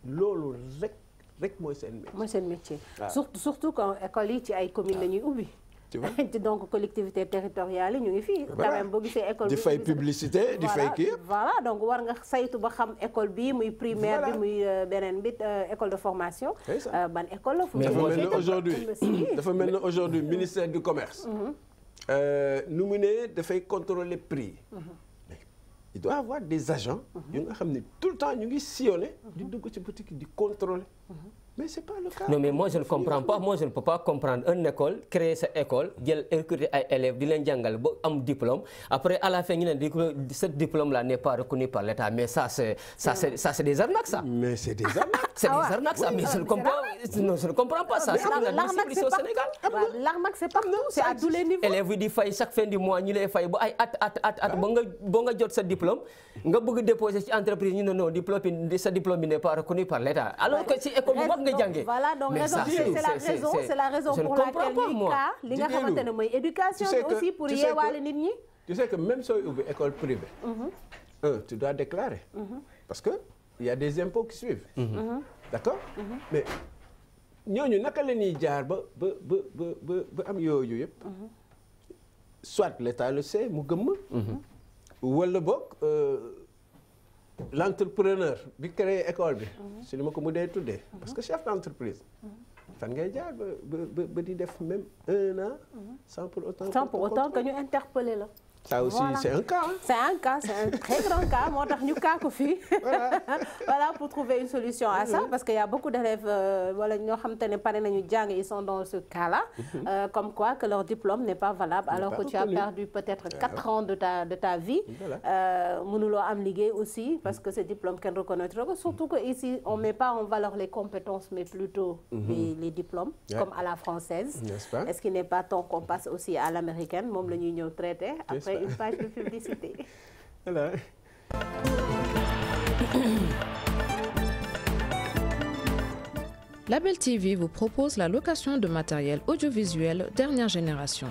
loolu rek rek mooy seen métier. mooy seen métier surtout surtout quand école yi ci ay communes la ñuy ubbi. tu vois. donc collectivité territoriale yi ñu ngi fii. quand même boo gisee école di fay publicité di fay kii voilà donc war nga saytu ba xam école bi muy primaire bi muy euh, beneen bi euh, école de formation. Euh, ban école la fu dafa mel ni aujourd'hui dafa mel ni aujourd'hui ministère du commerce. Mm-hmm. nu mu ne dafay contrôler prix. Mm-hmm. il doit avoir des agents. Mm-hmm. yu nga xam ne tout le temps ñu ngi sillonné. di dugg ci boutique di contrôler. mais c'est pas le cas non mais moi je ne comprends pas moi je ne pas comprendre une école créer sa école jël recruter di leen jàngal ba am diplôme après à la fin ñu ne di ce diplôme là n'est pas reconnu yi di fay chaque fin du mois ñu lay fay ba ay at at at at nga jot sa diplôme nga bëgg déposer entreprise ñu ne non sa diplôme bi n'est pas reconnu par alors que ci école nga donc raison c'est la raison c'est la raison pour laquelle ñuy cas li nga xamante ne mooy éducation aussi pour yeewaale nit ñi tu sais que même sooy ubbi école privée mhm. un euh, tu déclarer mhm. parce que il y a des impôts qui suivent mhm. d'accord mais ñooñu naka la jaar ba ba ba ba am yooyu yëpp soit l'État le sait mu gëmm wala boog euh, l' entrepreneur bi créé école bi. Mhm. si li ma ko mu dee tuddee. Mhm. parce que chef d' entreprise. Mhm. fan ngay jaar ba ba ba di def même un an. sans pour autant sans pour autant que ñu interpellé la. ça aussi voilà. c'est un cas. Hein? c'est un cas c'est un très grand cas moo tax ñu kaa ko fii voilà pour trouver une solution à ça parce que y a beaucoup d'élèves wala euh, ñoo xam te ne pare nañu jàng ils sont dans ce cas là mhm. euh, comme quoi que leur diplôme n'est pas valable alors que tu as perdu peut-être euh. quatre ans de ta de ta vie euh, mënuloo am liggéey aussi parce mhm. que ce diplôme kenn reconnaître ko surtout que ici on met pas en valeur les compétences mais plutôt mhm. les, les diplômes yeah. comme à la française n'est-ce pas est-ce qu'il n'est pas temps qu'on passe aussi à l'américaine moom la ñuy ñëw traité après après une de TV vous propose la location de matériel audiovisuel dernière génération.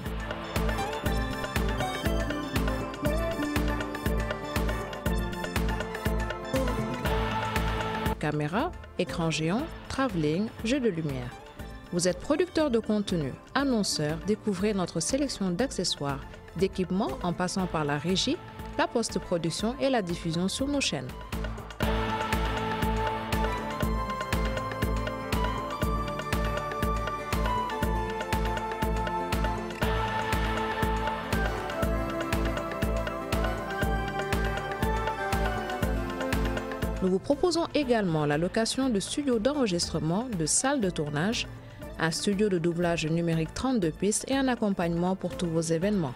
Caméra, écran géant, travelling, jeu de lumière. Vous êtes producteur de contenu, annonceur, découvrez notre sélection d'accessoires d'équipements en passant par la régie, la post-production et la diffusion sur nos chaînes. Nous vous proposons également la location de studios d'enregistrement, de salles de tournage, un studio de doublage numérique 32 pistes et un accompagnement pour tous vos événements.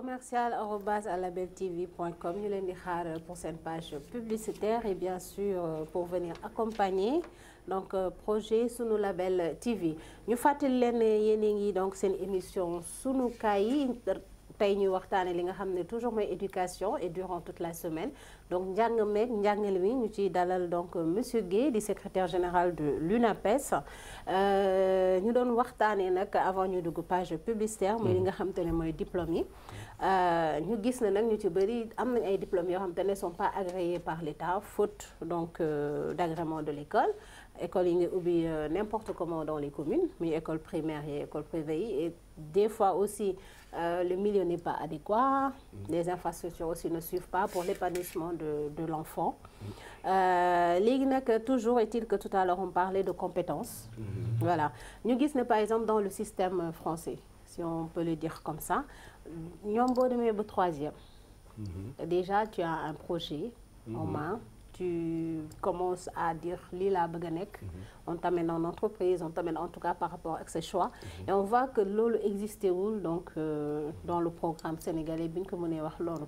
commercial arobase alabel tv point com ñu leen di xaar pour seen page publicitaire et bien sûr euh, pour venir accompagner donc euh, projet sunu label TV ñu fàttali leen yéen a ngi donc seen émission sunu kaay yi tey ñuy waxtaane li nga xam ne toujours mooy éducation et durant toute la semaine donc njàng meeg njàngale mi ñu ciy dalal donc euh, monsieur Guèye di secrétaire général de l'UNAPES ñu doon waxtaanee nag avant ñu dugg page publicitaire mooy li nga xam te ne mooy diplôme Euh, ñu gis ne nag ñu ci bëri am nañ ay diplômes yoo xam te ne sont pas agréés par l'État faute donc euh, d'agrément de l'école école yi nga ubbi euh, n'importe comment dans les communes muy école primaire yi école privée yi et des fois aussi le milieu n'est pas adéquat mm. les infrastructures aussi ne suivent pas pour l'épanouissement de de l'enfant mm. léegi nag toujours est-il que tout à l'heure on parlait de compétences mm. voilà ñu gis ne par exemple dans le système français si on peut le dire comme ça ñoom boo demee ba troisième. Mhm. déjà tu as un projet en mhm. main. tu commences à dire lii laa bëgg nekk. Mhm. on t'amène en entreprise on t'amène en tout cas par rapport ak ses choix. on voit que loolu existé wul donc euh, dans le programme sénégalais bi ñu ko mënee wax loolu.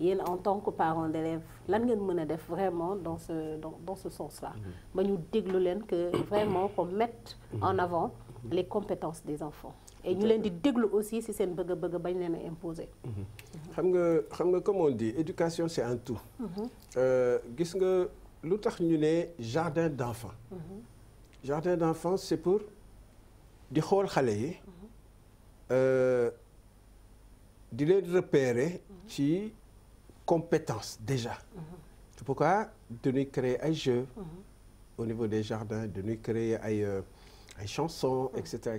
yéen en tant que parent d'élève lan ngeen mën a def vraiment dans ce dans, dans ce sens là. ba ñu déglu leen que vraiment qu'on mette en avant les compétences des enfants. et ñu leen di déglu aussi si seen bëgg-bëgg bañ leen a imposer. Mm-hmm. xam nga xam nga comme on dit éducation c'est un tout. Mm-hmm. Euh, gis nga lu tax ñu ne jardin d'enfants. Mm-hmm. jardin d'enfants c'est pour di xool xale yi. Euh, di leen repérer. ci compétence déjà. c'est pourquoi dañuy créer ay jeu au niveau des jardins dañuy créer ay. Euh, ay chansons mm-hmm. et cetera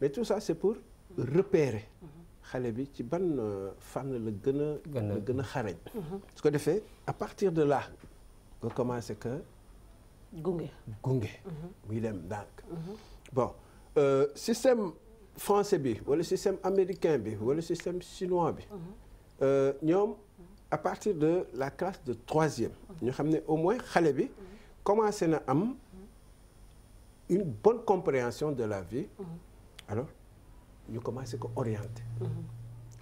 mais tout ça c'est pour mm-hmm. repérer mm-hmm. xale bi ci ban euh, fànn la gën a la gën a xarañ su à partir de là nga commencé que gunge gunge muy dem ndànk bon euh, système français bi wala système américain bi wala système chinois bi euh, ñoom à partir de la classe de troisième ñu xam ne au moins xale bi commencé na am une bonne compréhension de la vie mhm. alors ñu commencé ko orienter mhm.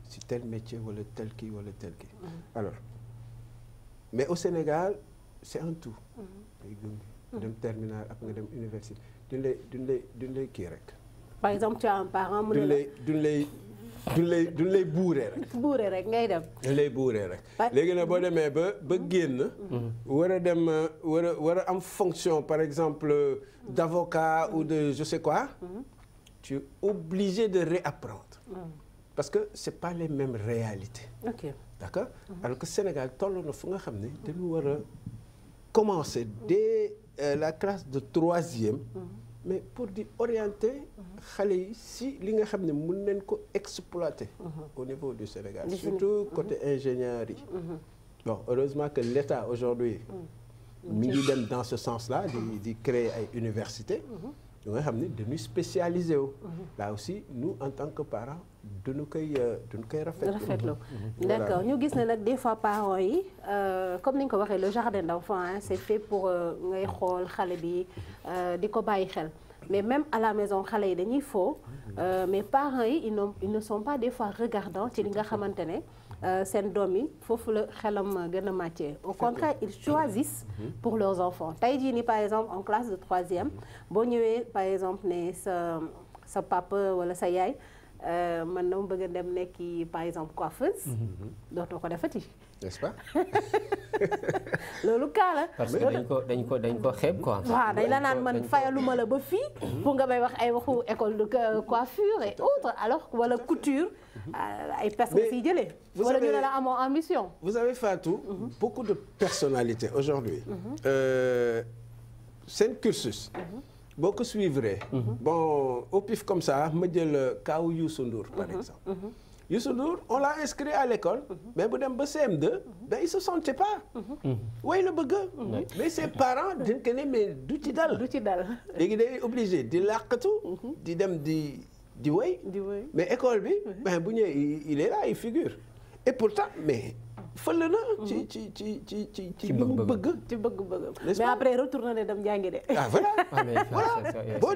si tel métier wala tel kii wala tel kii mhm. mais au Sénégal c'est un tout day gëm dem terminal ak nga dem université duñ lay duñ lay du lay duñ lay rek. buuree rek ngay dem. duñ lay buuree rek. léegi nag boo demee ba ba génn. war a dem war a war a am fonction par exemple d' avocat ou de je sais quoi. tu es obligé de réapprendre. parce que c' est pas les mêmes réalités. ok alors que Sénégal toll na fu nga xam ni dañu war a commencer dès euh, la classe de troisième. mais pour di orienter. xale yi si li nga xam ne mën nañ ko exploiter. Mhm. au niveau du Sénégal. surtout mhm. côté ingénieur yi. Mhm. bon heureusement que l'État aujourd'hui mi ngi dem dans ce sens-là di di créer ay université ñu nga xam ni dañuy spécialisé wu. Mhm. là aussi nous en tant que parents duñu koy euh, duñu koy rafetlu. rafetlu mhm. mhm. d' accord ñu gis ne nag des fois parents yi euh, comme ni nga ko waxee le jardin d' enfant hein, c' est fait pour euh, ngay xool xale bi di ko bàyyi xel. mais même à la maison xale yi dañuy faux mais parents yi ils ne ils sont pas des fois regardants ci li nga xamante ne. Euh, seen doom yi foofu la xelam gën a màccee au contraire ils choisissent mm-hmm. Mm-hmm. pour leurs enfants tey jii ni par exemple en classe de troisième mm-hmm. boo ñëwee par exemple ne sa sa papa wala sa yaay euh, man dama bëgg a dem nekki par exemple coiffeuse dootoo ko defati nest loolu kaa la. parce que dañ ko dañ ko dañ ko dañ la naan man fayaluma la ba fi pour nga may wax ay waxu école de coiffure et autres alors wala couture. Euh, ay personnes siy jëlee. wala ñu ne la amoo ambition. vous avez Fatou. beaucoup de personnalités aujourd'hui mhm. euh, seen cursus. Mhm. boo ko suivre. Mhm. bon au comme ça ma jël euh, kaw Youssou Ndour par exemple. Youssou Ndour on l'a inscrit à l'école mais bu dem ba CM2 ben il se sentait pas way la bëgg mais ses parent dañ ko ne mais du ci dal du ci dal léegi day obligé di làqatu di dem di di way mais école bi ben bu ñëwee il est là il figure et pourtant mais fële na. Mhm. ci ci ci ci ci ci li bëgg. ci bëgg bëgg mais après retourné na dem jàngi de. ah voilà boo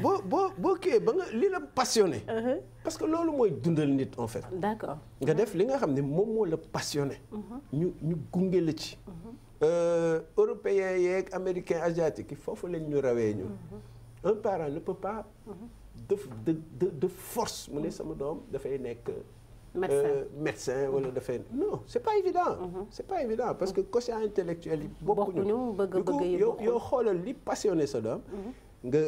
boo boo boo kii ba nga li la passionné. Uh-huh. parce que loolu mooy dundal nit en fait. d'accord nga def li nga xam ne moom moo la passionné. Uh-huh. ñu ñu gunge la ci. Uh-huh. Euh, européens yeeg américains asiatiques foofu lañ ñu rawee ñu. un parent ne peut pas. de de force mu ne sama doom dafay nekk. Euh, médecin wala mm-hmm. dafay non c'est pas évident mm-hmm. c'est pas évident parce que mm-hmm. quotient intellectuel yi bokkuñu bëgg-bëgg yow yow xoolal li passionné sa doom nga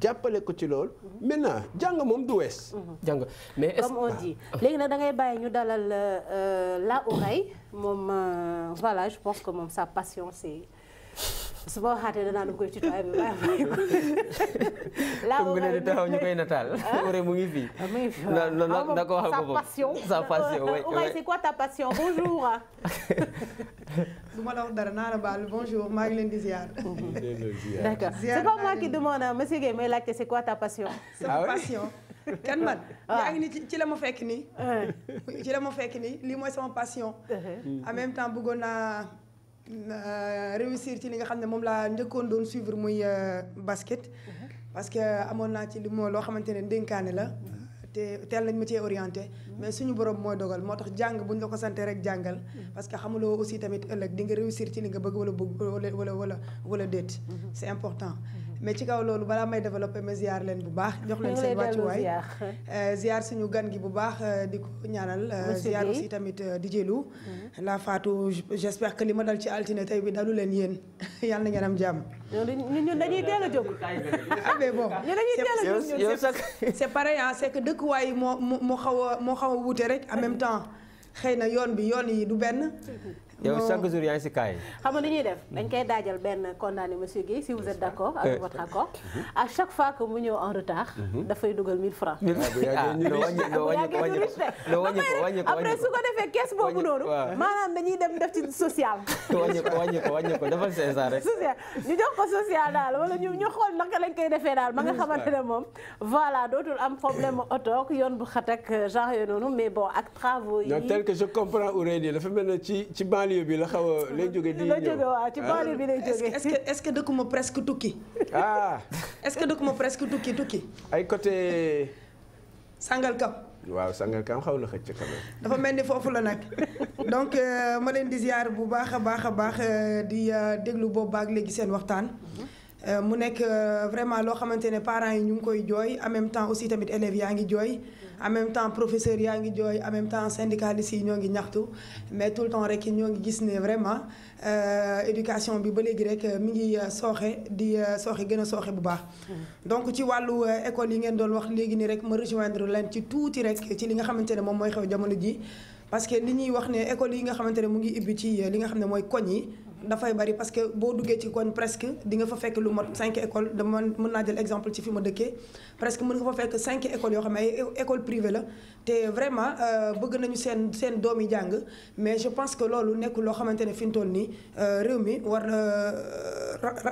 jàppale ko ci loolu. maintenant jàng moom du wees. jàng mais est comme on dit léegi nag dangay ngay bàyyi ñu dalal euh, la oreille moom euh, voilà je pense que moom sa passion c'est su ma waxaatee danaa nu koy ci tuwaay bi baax na. laa bëgg a def taxaw ñu koy nataal. mu ngi fi. mu ngi fi waaw na ko waxal ko sa passion. sa passion oui oui c'est quoi ta passion bonjour. du ma ah. la wax dara naa la baal bonjour maa ngi leen di ziar. d'accord c'est pas moi qui demande monsieur Guèye may laajte c'est quoi ta passion. sa passion. man ah. yaa ngi ni eh. ci la ma fekk nii. ci la ma fekk nii lii mooy e sama passion. Eh, eh. en même temps bëggoon naa. Euh, réussir ci li nga xam ne moom laa njëkkoon doon suivre muy euh, basket. Mhm. parce que euh, amoon naa ci li moo loo xamante ne dénkaane la. Mhm. te teel nañ ma cee orienté. mais suñu borom mooy dogal moo tax jàng buñ la ko santee rek jàngal parce que xamuloo aussi tamit ëllëg di réussir ci li nga bëgg wala bëgg wala wala wala déet mhm. c'est important mhm. mais ci kaw loolu balaa may développé ma leen bu baax jox leen seen euh, gi bu baax euh, di ko ñaanal euh, ziar aussi tamit di jëlu mhm. la Fatou j'espère que li ma dal ci altine tey bi dalu leen yéen yàlla na ngeen am jàmm ñun dañuy teel a jóg ah mais bon yow c'est pareil c'est que dëkkuwaay moo moo xaw a xaw a wuute rek en même temps xëy na yoon bi yoon yi du benn yow chaque jour yaa ngi si cas yi. li ñuy def dañ daajal benn condamné monsieur Guèye si vous êtes d' euh, euh, accord avec votre accord chaque fois que mu ñëw en retard. Mm-hmm. dafay dugal 1000 francs. ah loo ah, ko wàññi ko après su ko defee kees boobu noonu. maanaam dañuy dem def ci social. wàññi ko wàññi ko wàññi ko defal 500 rek. social ñu jox ko social daal wala ñu ñu xool naka lañ koy defee daal ba nga xamante ne moom. voilà dootul am problème mu yoon bu xat ak genre yooyu noonu mais bon ak travaux yi. banlieue bi la xaw a lay jóge di la jóge waaw ci banlieue bi lay ah. jóge est-ce que est-ce que dëkkuma presque tukki ah est-ce que dëkkuma presque tukki tukki ay côté Sangalkam waaw Sangalkam xaw la xëcc quand dafa mel ni foofu la nag donc euh, ma leen di ziar bu baax a baax a baax euh, di euh, déglu boobu baag léegi seen waxtaan mu nekk vraiment loo xamante ne parents yi ñu ngi koy jooy en même temps aussi tamit élèves yaa ngi jooy en même temps professeur yaa ngi jooy en même temps syndicalistes yi ñoo ngi ñaxtu mais tout le temps rek ñoo ngi gis ne vraiment euh, éducation bi ba léegi rek euh, mi ngi euh, sooxe di sooxe gën a sooxe bu baax. Mm. donc ci wàllu école yi ngeen doon wax léegi nii rek ma rejoindre leen ci tuuti rek ci li nga xamante ne moom mooy xew jamono ji parce que li ñuy wax ne école yi nga xamante ne mu ngi ubbi ci li nga xam ne mooy koñ yi. dafay bari parce que boo duggee ci kon presque di fa fekk lu mot cinq écoles dama mën naa jël exemple ci fi ma dëkkee presque mën nga fa fekk cinq écoles yoo xam ne ay école privée la te vraiment euh, bëgg nañu seen seen doom yi jàng mais je pense que loolu nekk loo xamante ne fi mu toll nii euh, réew mi war euh,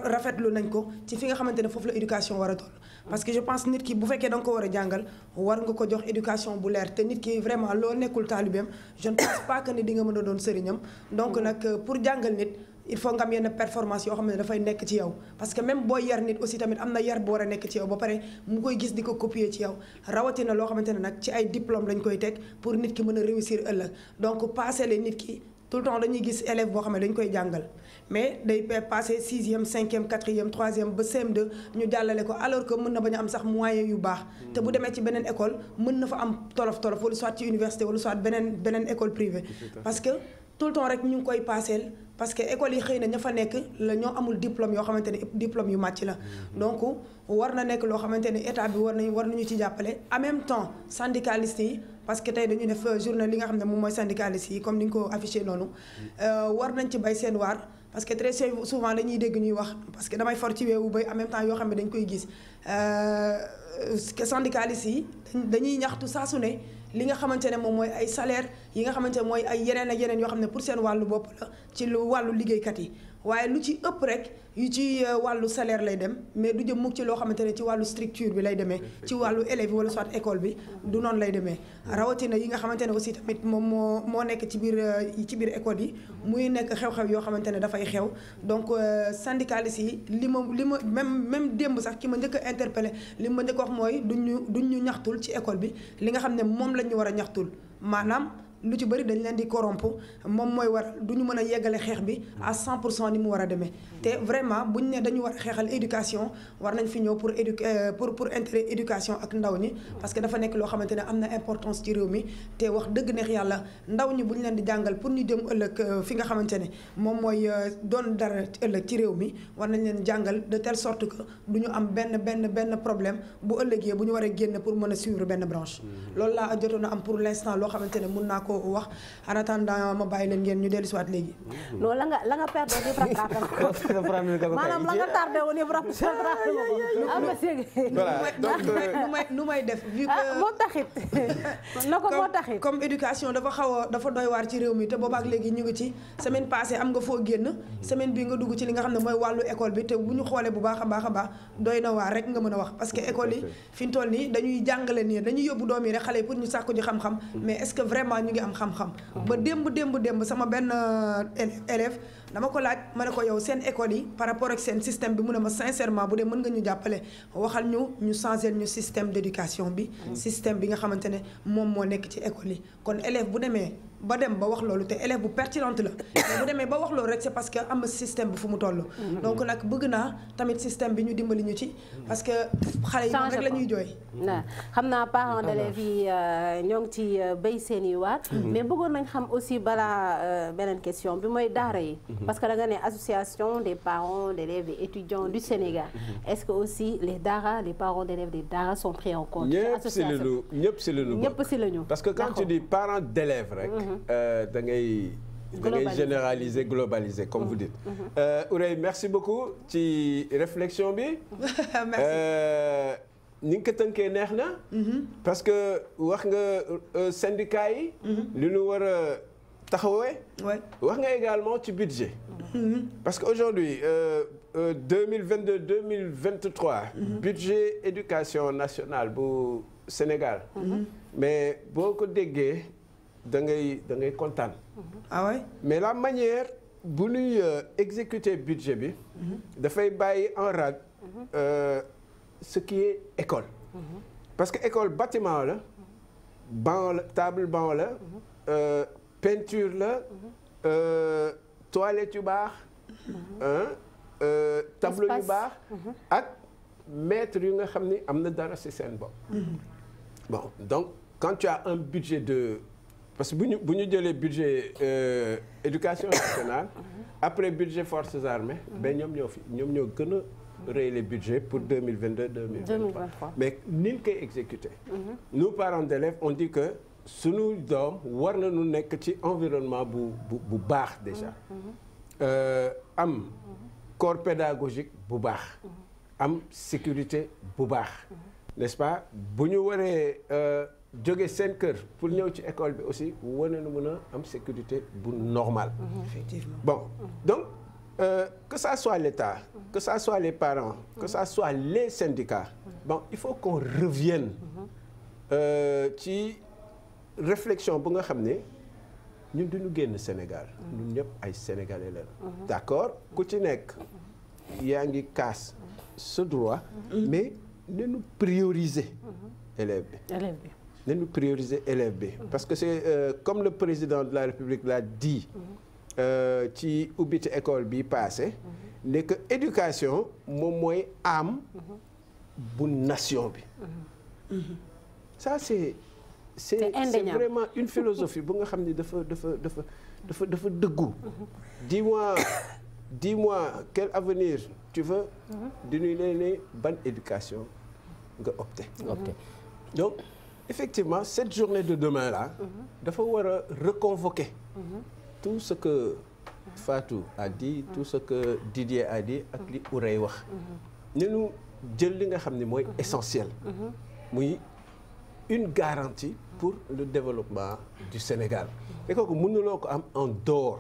rafetlu nañ ko ci fi nga xamante ne foofu la éducation war a toll parce que je pense nit ki bu fekkee da ko war a jàngal war nga ko jox éducation bu leer te nit ki vraiment loo nekkul taalibeem je ne pense pas que di nga mën a doon sëriñam donc mm. nag pour jàngal nit il faut nga am yenn performance yoo xam ne dafay nekk ci yow parce que même boo yar nit aussi tamit am na yar bu war a nekk ci yow ba pare mu koy gis di ko copier ci yow rawatina loo xamante ne nag ci ay diplôme lañ koy teg pour nit ki mën a réussir ëllëg donc passé les nit ki tout le temps dañuy gis élève boo xam ne dañ koy jàngal mais day passé sixième cinquième quatrième troisième ba CM2 ñu jàllale ko alors que mën na bañ am sax moyen yu baax te bu demee ci beneen école mën na fa am tolof tolof wala soit ci université wala soit beneen beneen école parce que tout le temps rek ñu ngi koy paaseel parce que école yi xëy na ña fa nekk la ñoo amul diplôme yoo xamante ne diplôme yu màcc la mm-hmm. donc war na nekk loo xamante ne état bi war nañu war nañu ci jàppale en même temps syndicalistes yi parce que tey dañu def journée li nga xam ne moom mooy syndicalistes yi comme ni ñu ko affiché noonu mm-hmm. euh, war nañ ci seen waar parce que très souvent dañuy dégg ñuy wax parce que damay for ci weewu bay en même temps yoo xam ne dañ koy gis euh, syndicalistes yi dañuy ñaxtu saa su ne li nga xamante ne moom mooy ay salaire yi nga xamante ne mooy ay yeneen ak yeneen yoo xam ne pour seen wàllu bopp la ci lu wàllu liggéeykat yi waaye lu ci ëpp rek yu ci euh, wàllu salaire lay dem mais du jëm mukk ci loo xamante ne ci wàllu structure bi lay demee ci wàllu élèves wala soit école bi du noonu lay demee rawatina yi nga xamante ne aussi tamit moom moo moo nekk ci biir euh, ci biir école yi muy nekk xew yoo xamante ne dafay xew donc euh, syndicalistes yi li ma li ma même même démb sax ki ma njëkk a interpellé li ma njëkk wax mooy du ñu duñ ñu ñaxtul ci école bi li nga xam ne moom la ñu war a ñaxtul maanaam lu ci bëri dañ leen di corrompu moom mooy war du ñu mën a yeggale xeex bi à 100 pour ni mu war a deme te vraiment bu ñu ne dañu war a xeexal éducation war nañ fi ñëw pour édu euh, pour pour intérêt éducation ak ndaw ñi parce que dafa nekk loo xamante ne am na importance ci réew mi te wax dëgg neex yàlla ndaw ñi bu ñu leen di jàngal pour ñu dem ëllëg euh, fi nga xamante ne moom mooy euh, doon dara ëllëg ci réew mi war nañ leen jàngal de tele sorte que du ñu am benn benn benn problème bu ëllëgee bu ñu war a génn pour mën a suivre benn branche mm. ko wax en attendant ma bàyyi leen ngeen ñu dellu si léegi. non la nga la nga perdre woon yëpp rafet na ko. la nga tardé woon yëpp rafet euh, ah, na ko. voilà donc nu may nu may def. xaw dafa doy waar ci réew mi te boobaak léegi ñu ngi ci semaine passée am nga foo génn semaine bi nga dugg ci li nga xam ne mooy wàllu école bi te bu ñu xoolee bu baax a baax a baax doy na waar rek nga mën a wax parce que école yi fi ñu toll nii dañuy jàngale nii dañuy yóbbu doom yi rek xale yi pour ñu sàkku ji xam-xam mm. mais est vraiment ñu ngi ngi am xam-xam ba démb démb démb sama benn euh, élève dama ko laaj ma ne ko yow seen école yi par rapport ak seen système bi mun ne ma sincèrement bu dee mën nga ñu jàppale waxal ñu ñu changer ñu système d'éducation bi mm. système bi nga xamante ne moom moo nekk ci école yi kon élève bu demee ba dem ba wax loolu te élève bu pertinente la bu demee ba wax loolu rek c'est parce que am na système bi fu mu toll mm-hmm. donc nag bëgg naa tamit système bi ñu dimbali ñu ci parce que xale yi rek la ñuy jooy waaw xam naa parents d'élèves yi euh, ñoo ngi ci euh, béy seen i waat mm-hmm. mais bëggoon nañ xam aussi balaa euh, beneen question bi mooy daara yi mm-hmm. parce que da nga ne association des parents d'élèves et étudiants du Sénégal est-ce que aussi les daara les parents d'élèves des daara sont pris en compte ñëpp si la ñu ñëpp si la ñu parce que quand tu dis parents d'élèves rek Euh, da ngay. da ngay généraliser globaliser comme vous dites. Mm-hmm. Euh, Ourey merci beaucoup ci reflexion bi. merci. Euh, ni nga ko tënkee neex na. Mm-hmm. parce que wax nga syndicat yi. Mm-hmm. li ñu war a taxawee. wax nga également ci budget. parce que aujourd'hui deux mille vingt deux deux mille vingt trois. budget éducation national bu Sénégal. mais boo ko da ngay da kontaan. Ah mais la manière bu ñuy euh, exécuter budget bi. dafay bàyyi en rade. Euh, ce qui est école. parce que école bâtiment la. ban la table banc la. Euh, peinture la. toilette yu baax. tableau yu baax. ak maître yu nga xam ni am na dara si seen bopp. Mhm. bon donc quand tu as un budget de. parce que bu ñu bu ñu jëlee budget euh, éducation nationale. après budget forces armées. mais mm-hmm. ñoom ñoo fi ñoom ñoo gën a. réy les budgets pour 2022 2023 mais ni ñu koy exécuter mm-hmm. nous parents d'élèves on dit que suñu doom war na nañu nekk ci environnement bu bu bu baax déjà mm-hmm. euh, am corps pédagogique bu baax am sécurité bu baax n'est-ce pas bu ñu waree euh, jóge seen kër pour ñëw ci école bi aussi wane nu mën a am sécurité bu normal mm-hmm. effectivement bon donc euh, que ça soit l'État. Mm-hmm. que ça soit les parents. que ça mm-hmm. soit les syndicats. bon il faut qu'on revienne. Euh, ci réflexion bu nga xam ne ñun duñu génn Sénégal. ñun ñëpp ay sénégalais lañ. d'accord ku ci nekk yaa ngi casse ce droit. mais nañu prioriser. élève élève bi. nañu prioriser élève bi mm-hmm. parce que c'est euh, comme le président de la République l'a dit mm-hmm. euh, ci ubbite école bi passé mm-hmm. ne que éducation moom mooy aam bu nation bi ça c'est c'est c'est vraiment une philosophie bu nga xam ni dafa dafa dafa dafa dafa dëggu dis-moi dis-moi quel avenir tu di diñuy lee ne ban éducation nga opter donc effectivement cette journée de demain là. Mhm. dafa war a reconvoquer. Mhm. tout ce que mhm. Fatou a dit. tout ce que Didier a dit ak li Ourey wax. ne ñu jël li nga xam ni mooy essentiel. muy une garantie pour le développement du Sénégal. te kooku mënuloo ko am en dehors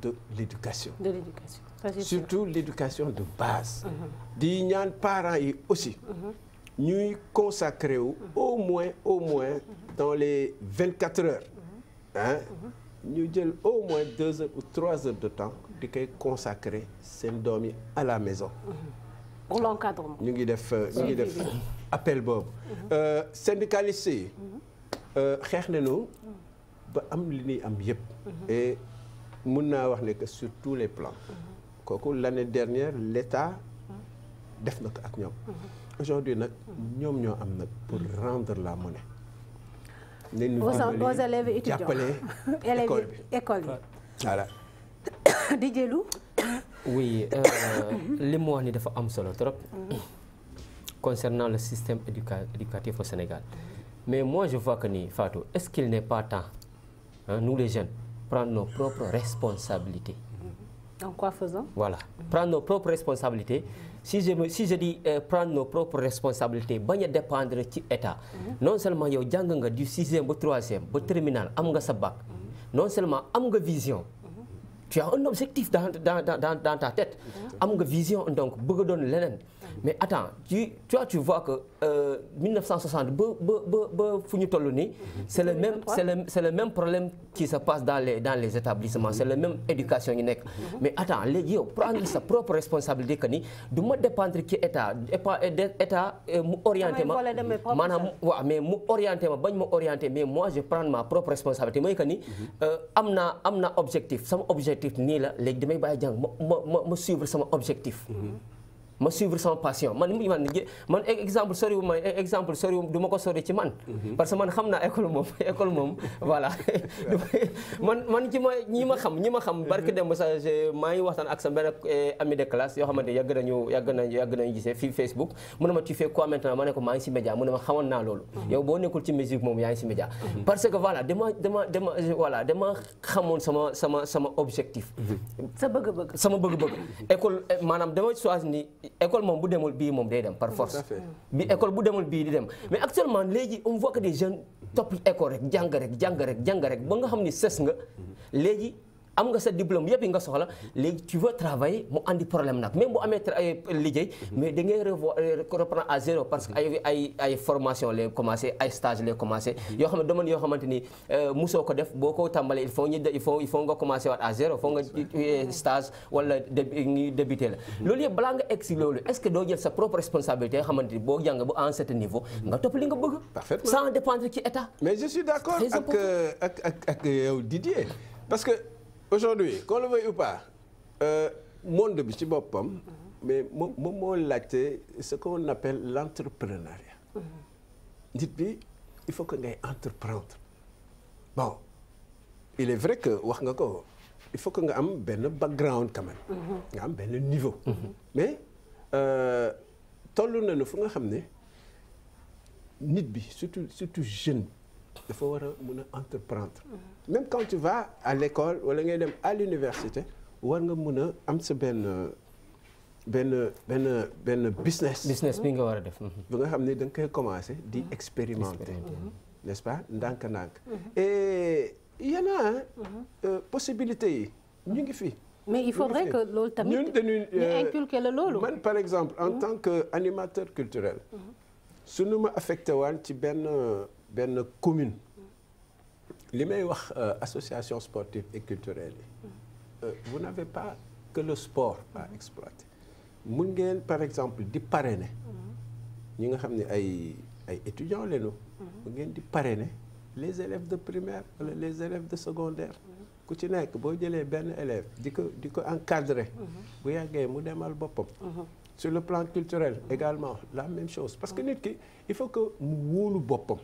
de l'éducation. de surtout l'éducation de base. di ñaan parents yi aussi. ñuy consacré wu au moins au moins dans les vingt quatre heures ah ñu jël au moins deux heures ou trois heures de temps di koy consacré seen doom yi à la maison ñu ngi def euh, ñu ngi def appel boobu euh, syndicaliste yi euh, xeex nañu ba am li ñuy am yëpp et mun naa wax ne que sur tous les plans kooku l'année dernière l'État def na ko ak ñoom aujourd'hui nag ñoom ñoo am nag pour rendre la monnaie. jàppale école bi école bi voilà. Didier Lou. Euh, li mu wax ni dafa am solo trop. concernant le système éduca éducatif au Sénégal. Mais moi, je vois que ni, Fatou, est-ce qu'il n'est pas temps, hein, les jeunes, prendre nos propres responsabilités En quoi faisons Voilà, prendre nos propres responsabilités. si je me si je dis euh, prendre nos propres responsabilités bañ a dépendre ci état mhm. non seulement yow jàng nga du sixième ba troisième ba mhm. terminal am nga sa bac mhm. non seulement am nga vision tu as un objectif dans ta tête am nga vision donc bëgg doon leneen mais attends tu tu vois tu vois que 1960 euh, ba ba ba ba fu ñu toll nii. c'est le même c'est le c'est même problème qui se passe dans les dans les établissements c'est le même éducation ñu nekk. mais attends léegi yow prendre sa propre responsabilité que ni du ma dépendre ci état état euh, mu orienté ma. maanaam waaw mais mu orienté ma bañ ma orienté mais moi je prends ma propre responsabilité mooy que ni. Euh, am naa am naa objectif sama objectif nii la léegi damay bàyyi jàng ma ma ma suivre sama objectif. ma suivre sama passion man man e-, exemple soriwul ma e-, exemple soriwul ma ko sori ci man. Mhm. parce que man xam naa école moom école ma xam ma mhm. dem sa maa ngi waxtaan ak sa benn e, ami yoo xamante yàgg nañu yàgg nañu yàgg nañu gisee ma tu fais quoi maintenant ma ne ma xamoon naa loolu. Mhm. yow boo nekkul ci musique moom yaa ngi si média. parce que voilà dama dama dama voilà dama xamoon sama sama sama objectif. sa bëgg-bëgg sama bëgg-bëgg maanaam dama choisir ni. école moom bu demul bii moom day dem par force bi école bu demul bii di dem mais actuellement léegi on voit que des jeunes topp école rek jàng rek jàng rek jàng rek ba nga xam ni sës nga léegi am nga sa diplôme yëpp yi nga soxla léegi tu veux travailler mu andi problème nag même bu amee liggéey mais da ngay reprendre zéro parce que ay ay ay formation lay commencé ay stage lay commencé yoo xam ne domaine yoo xamante ni euh, musoo ko def boo ko tàmbalee il faut ñu il faut il faut nga commencé waat à zéro il faut nga stage wala ñu débuté la loolu yëpp balaa nga egg loolu est-ce que doo jël sa propre responsabilité xamante ni boo jàng ba à un niveau nga topp li nga bëgg sans aujourd'hui qu'on le veuille ou pas euh, monde bi ci boppam. mais moom moom moo laajte ce qu'on appelle l'entrepreneuriat. nit bi il faut que ngay entreprendre bon il est vrai que wax nga ko il faut que nga am benn background quand même. nga am benn niveau. mais euh, toll nañu fu nga xam ne nit bi surtout surtout jeune dafa war a mën a entreprendre. même quand tu à l'école wala ngay dem à l'université war nga mun a am sa benn benn benn benn business. business bi nga war a def. Mhm. bi nga xam ne da nga koy commencer di mhm. expérimenter. Mhm. n'est-ce pas ndànk-ndànk. et y en euh, yi ñu ngi fi. mais il faudrait que loolu tamit ñun dañuy euh, inculquer la loolu. man par exemple en tant que animateur culturel. su nu ma affecté waan ci benn benn commune. li may wax euh, association sportive et culturelle yi euh, vous n'avez pas que le sport à mm-hmm. exploiter mun ngeen par exemple di pare parrainer ñi nga xam ni ay ay étudiants lañu bu mm-hmm. ngeen di parrainer les élèves de primaire wala les élèves de secondaire mm-hmm. ku ci nekk boo jëlee benn élève di ko di ko encadrer bu yàggee mu demal boppam sur le plan culturel également la même chose parce que nit ki il faut que mu wóolu boppam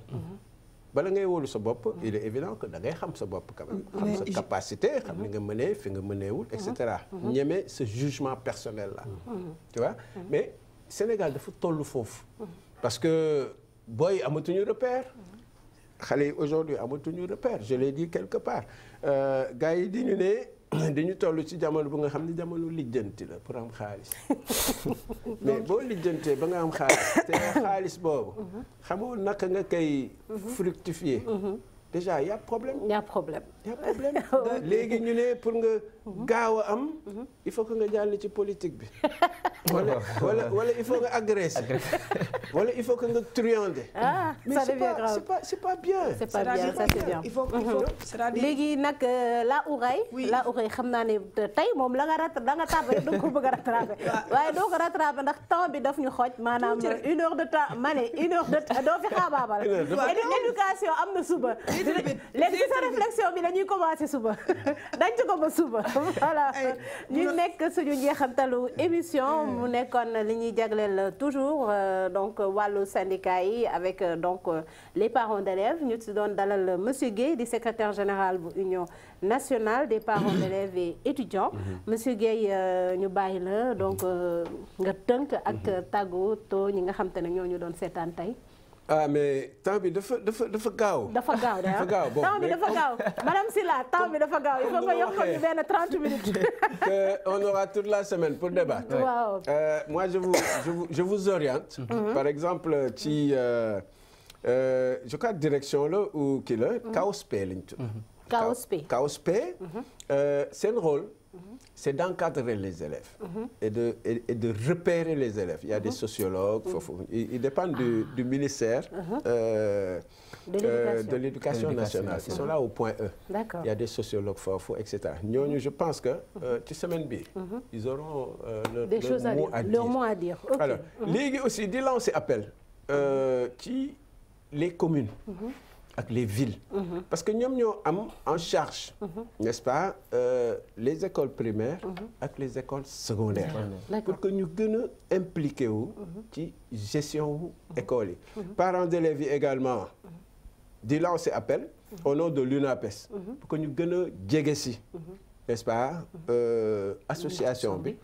bala ngay wolu sa bopp il est évident que da xam sa bopp kam même mm-hmm. xam sa capacité mm-hmm. xam li nga mënee fi nga mëneewul et cetera mm-hmm. ñeme sa jugement personnel là tu vois mais Sénégal dafa toll foofu parce que booy amatuñu repère xale yi aujourd'hui amatuñu repère je l'ai di quelque part euh, gars yi di dañu toll ci jamono bu nga xam ne jamono lijjanti la pour am xaalis mais boo lijjantee ba nga am xaalis te xaalis boobu mhm. xamoo naka nga koy mhm. fructifier mhm. déjà y a problème y a problème y a problème léegi ñu ne pour nga gaaw am. il faut que nga jàll ci politique bi. wala wala wala il faut nga agressé. wala il faut que nga truandé. ah mais ça devient grave mais c'est pas bien. c'est pas bien ça c'est mhm. nag euh, la uray. la uray xam naa ne tey moom la nga rat da nga tàmbali da ko bëgg a rattrapé. waaye doo ko rattrapé ndax temps bi daf ñu xooj. maanaam une heure de temps ma ne une heure de doo fi xaabaabal. éducation am na suba. léegi sa réflexion bi la ñuy commencé suba dañ ci ko suba. voilà ñu nekk suñu njeexantalu émission hmm. mu nekkoon li ñuy jagleel toujours euh, donc wàllu syndicat yi avec euh, donc euh, les parents d'élèves ñu si doon dalal monsieur Guèye di secretaire général bu union nationale des parents d'élèves et étudiants hmm. monsieur Guèye ñu bàyyi la donc nga tënk ak hmm. tàggatoo ñi nga xam ne ñoo ñu doon seetaan tey ah mais temps bi dafa dafa dafa gaaw. dafa gaaw de ah. dafa gaaw temps bi dafa gaaw madame Sylla temps bi dafa gaaw il faut nga yokkal ñu benn 30 minutes. que on aura toute la semaine pour débattre. waaw euh, moi je vous je vous je vous oriente. Mm -hmm. par exemple ci euh, euh, je crois direction la ou kii la. Mhm. Kaospe lañ tudd. Kaospe mhm. Kaospe. Euh, seen rôle. Mm-hmm. c'est d'encadrer les élèves. Mm-hmm. et de et, et de repérer les élèves. il y a des mm-hmm. sociologues foofu ils dépendent du du ministère. Euh, de euh, l'éducation euh, nationale ils sont là au point E. d'accord il y a des sociologues foofu et cetera ñooñu je pense que euh, ci semaine bi ils auront euh, leur mot à dire leur mot à dire alors léegi aussi di lancer appel ci les communes. ak les villes. Mhm. parce que ñoom ñoo am en charge. Mhm. n'est-ce pas euh, les écoles primaires. Mhm. ak les écoles secondaires. pour que ñu gën a impliqué wu. ci gestion wu école yi. parents d'élèves également di lancer appel. au nom de l'UNAPES. pour que ñu gën a jege si. n'est-ce pas euh, association bi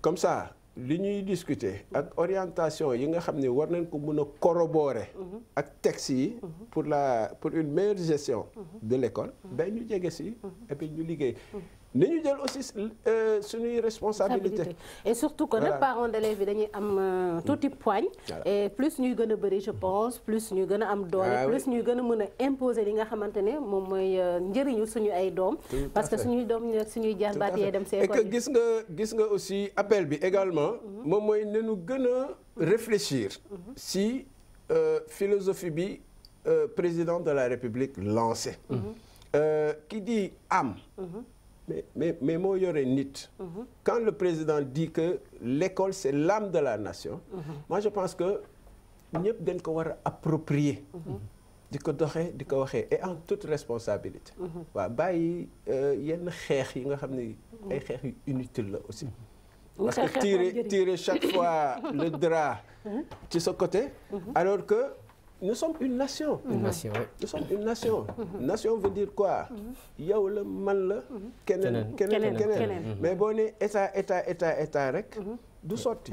comme ça. li ñuy discuter ak orientation yi nga xam ne war nañ ko mën a corroborer mhm. ak texte yi mhm. pour la pour une meilleure gestion mhm. de l'école ben ñu jege si et ñu liggéey ñu jël aussi euh, suñuy responsabilité et surtout que nag de d'élèves yi dañuy am euh, touti poigne et plus ñuy gën a bëri je pense plus ñuy gën a am doole ah plus ñuy gën a mën a imposer li nga xamante ne moom mooy euh, njëriñu suñu ay doom parce que suñuy doom ñi suñuy jarbaat yee dem si école gis nga gis nga aussi appel bi également mhm. moom mooy nañu gën a réfléchir mhm. si philosophie bi président de la République lancé qui mhm. di am mais mais mais moo yore nit. Mhm. quand le président dit que l'école c'est l'âme de la nation. Mhm. moi je pense que ñëpp dañ ko war a approprier. Mhm. di ko doxe di ko waxe et en toute responsabilité. waaw bàyyi euh, yenn xeex yi nga xam ni ay xeex yu inutile la aussi. parce que tirer tirer chaque fois le drap. ci sa côté. alors que nous sommes une nation. une mhm. nation une nation. Mhm. nation veut dire quoi. Mhm. yow la man la. keneen keneen keneen mais boo ne état état état état rek. du sotti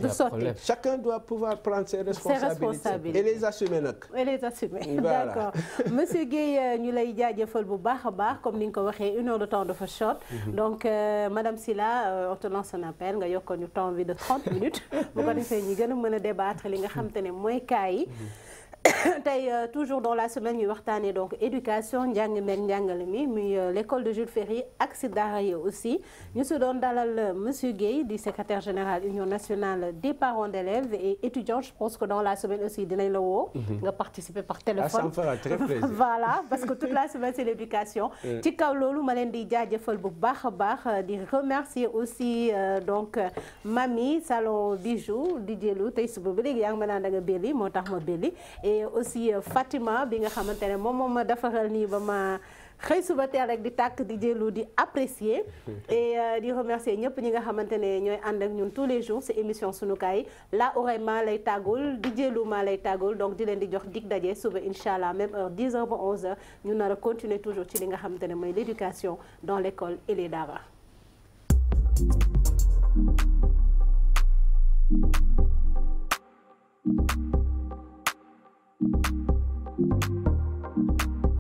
chacun doit pouvoir prendre ses responsabilités, ses responsabilités. et les assumer nag. et les assumer d'accord monsieur Guèye euh, ñu lay jaajëfal bu baax a baax comme ni nga ko waxee une heure de temps dafa short. donc euh, madame Sylla euh, on te lance un appel nga yokkoon ñu temps bi de 30 minutes. bu ko defee ñu gën a mën a débattre li nga xam ne mooy cas yi. tey euh, toujours dans la semaine ñu waxtaanee donc éducation njàng meeg njàngale mi muy euh, l'école de Jules Ferry ak si daara yi aussi ñu si doon dalal euh, monsieur Guèye di secrétaire général union nationale des parents d'élèves et étudiants je pense que dans la semaine aussi dinañ la woo. Mm-hmm. nga participer par téléphone. Ah, ça voilà parce que toute la semaine c'est l'éducation. ci kaw loolu ma leen di jaajëfal bu baax a baax di remercier aussi donc mami salon bijou di jëlu tey suba ba léegi yaa ngi ma naan moo tax mais aussi euh, Fatima bi nga xamante ne moom moom ma defaral nii ba ma xëy suba teel rek di tàkk di jëlu di apprécier e di remercier ñëpp ñi nga xamante ne ñooy ànd ak ñun tous les jours ci émission Sunukaay la oreille maa lay tàggul di jëlu maa lay tàggul donc di leen di jox dig daje suba incha allah même heure 10 ba 11 heures ñu nar a continuer toujours ci li nga xamante ne mooy l'éducation dans l'école et les daara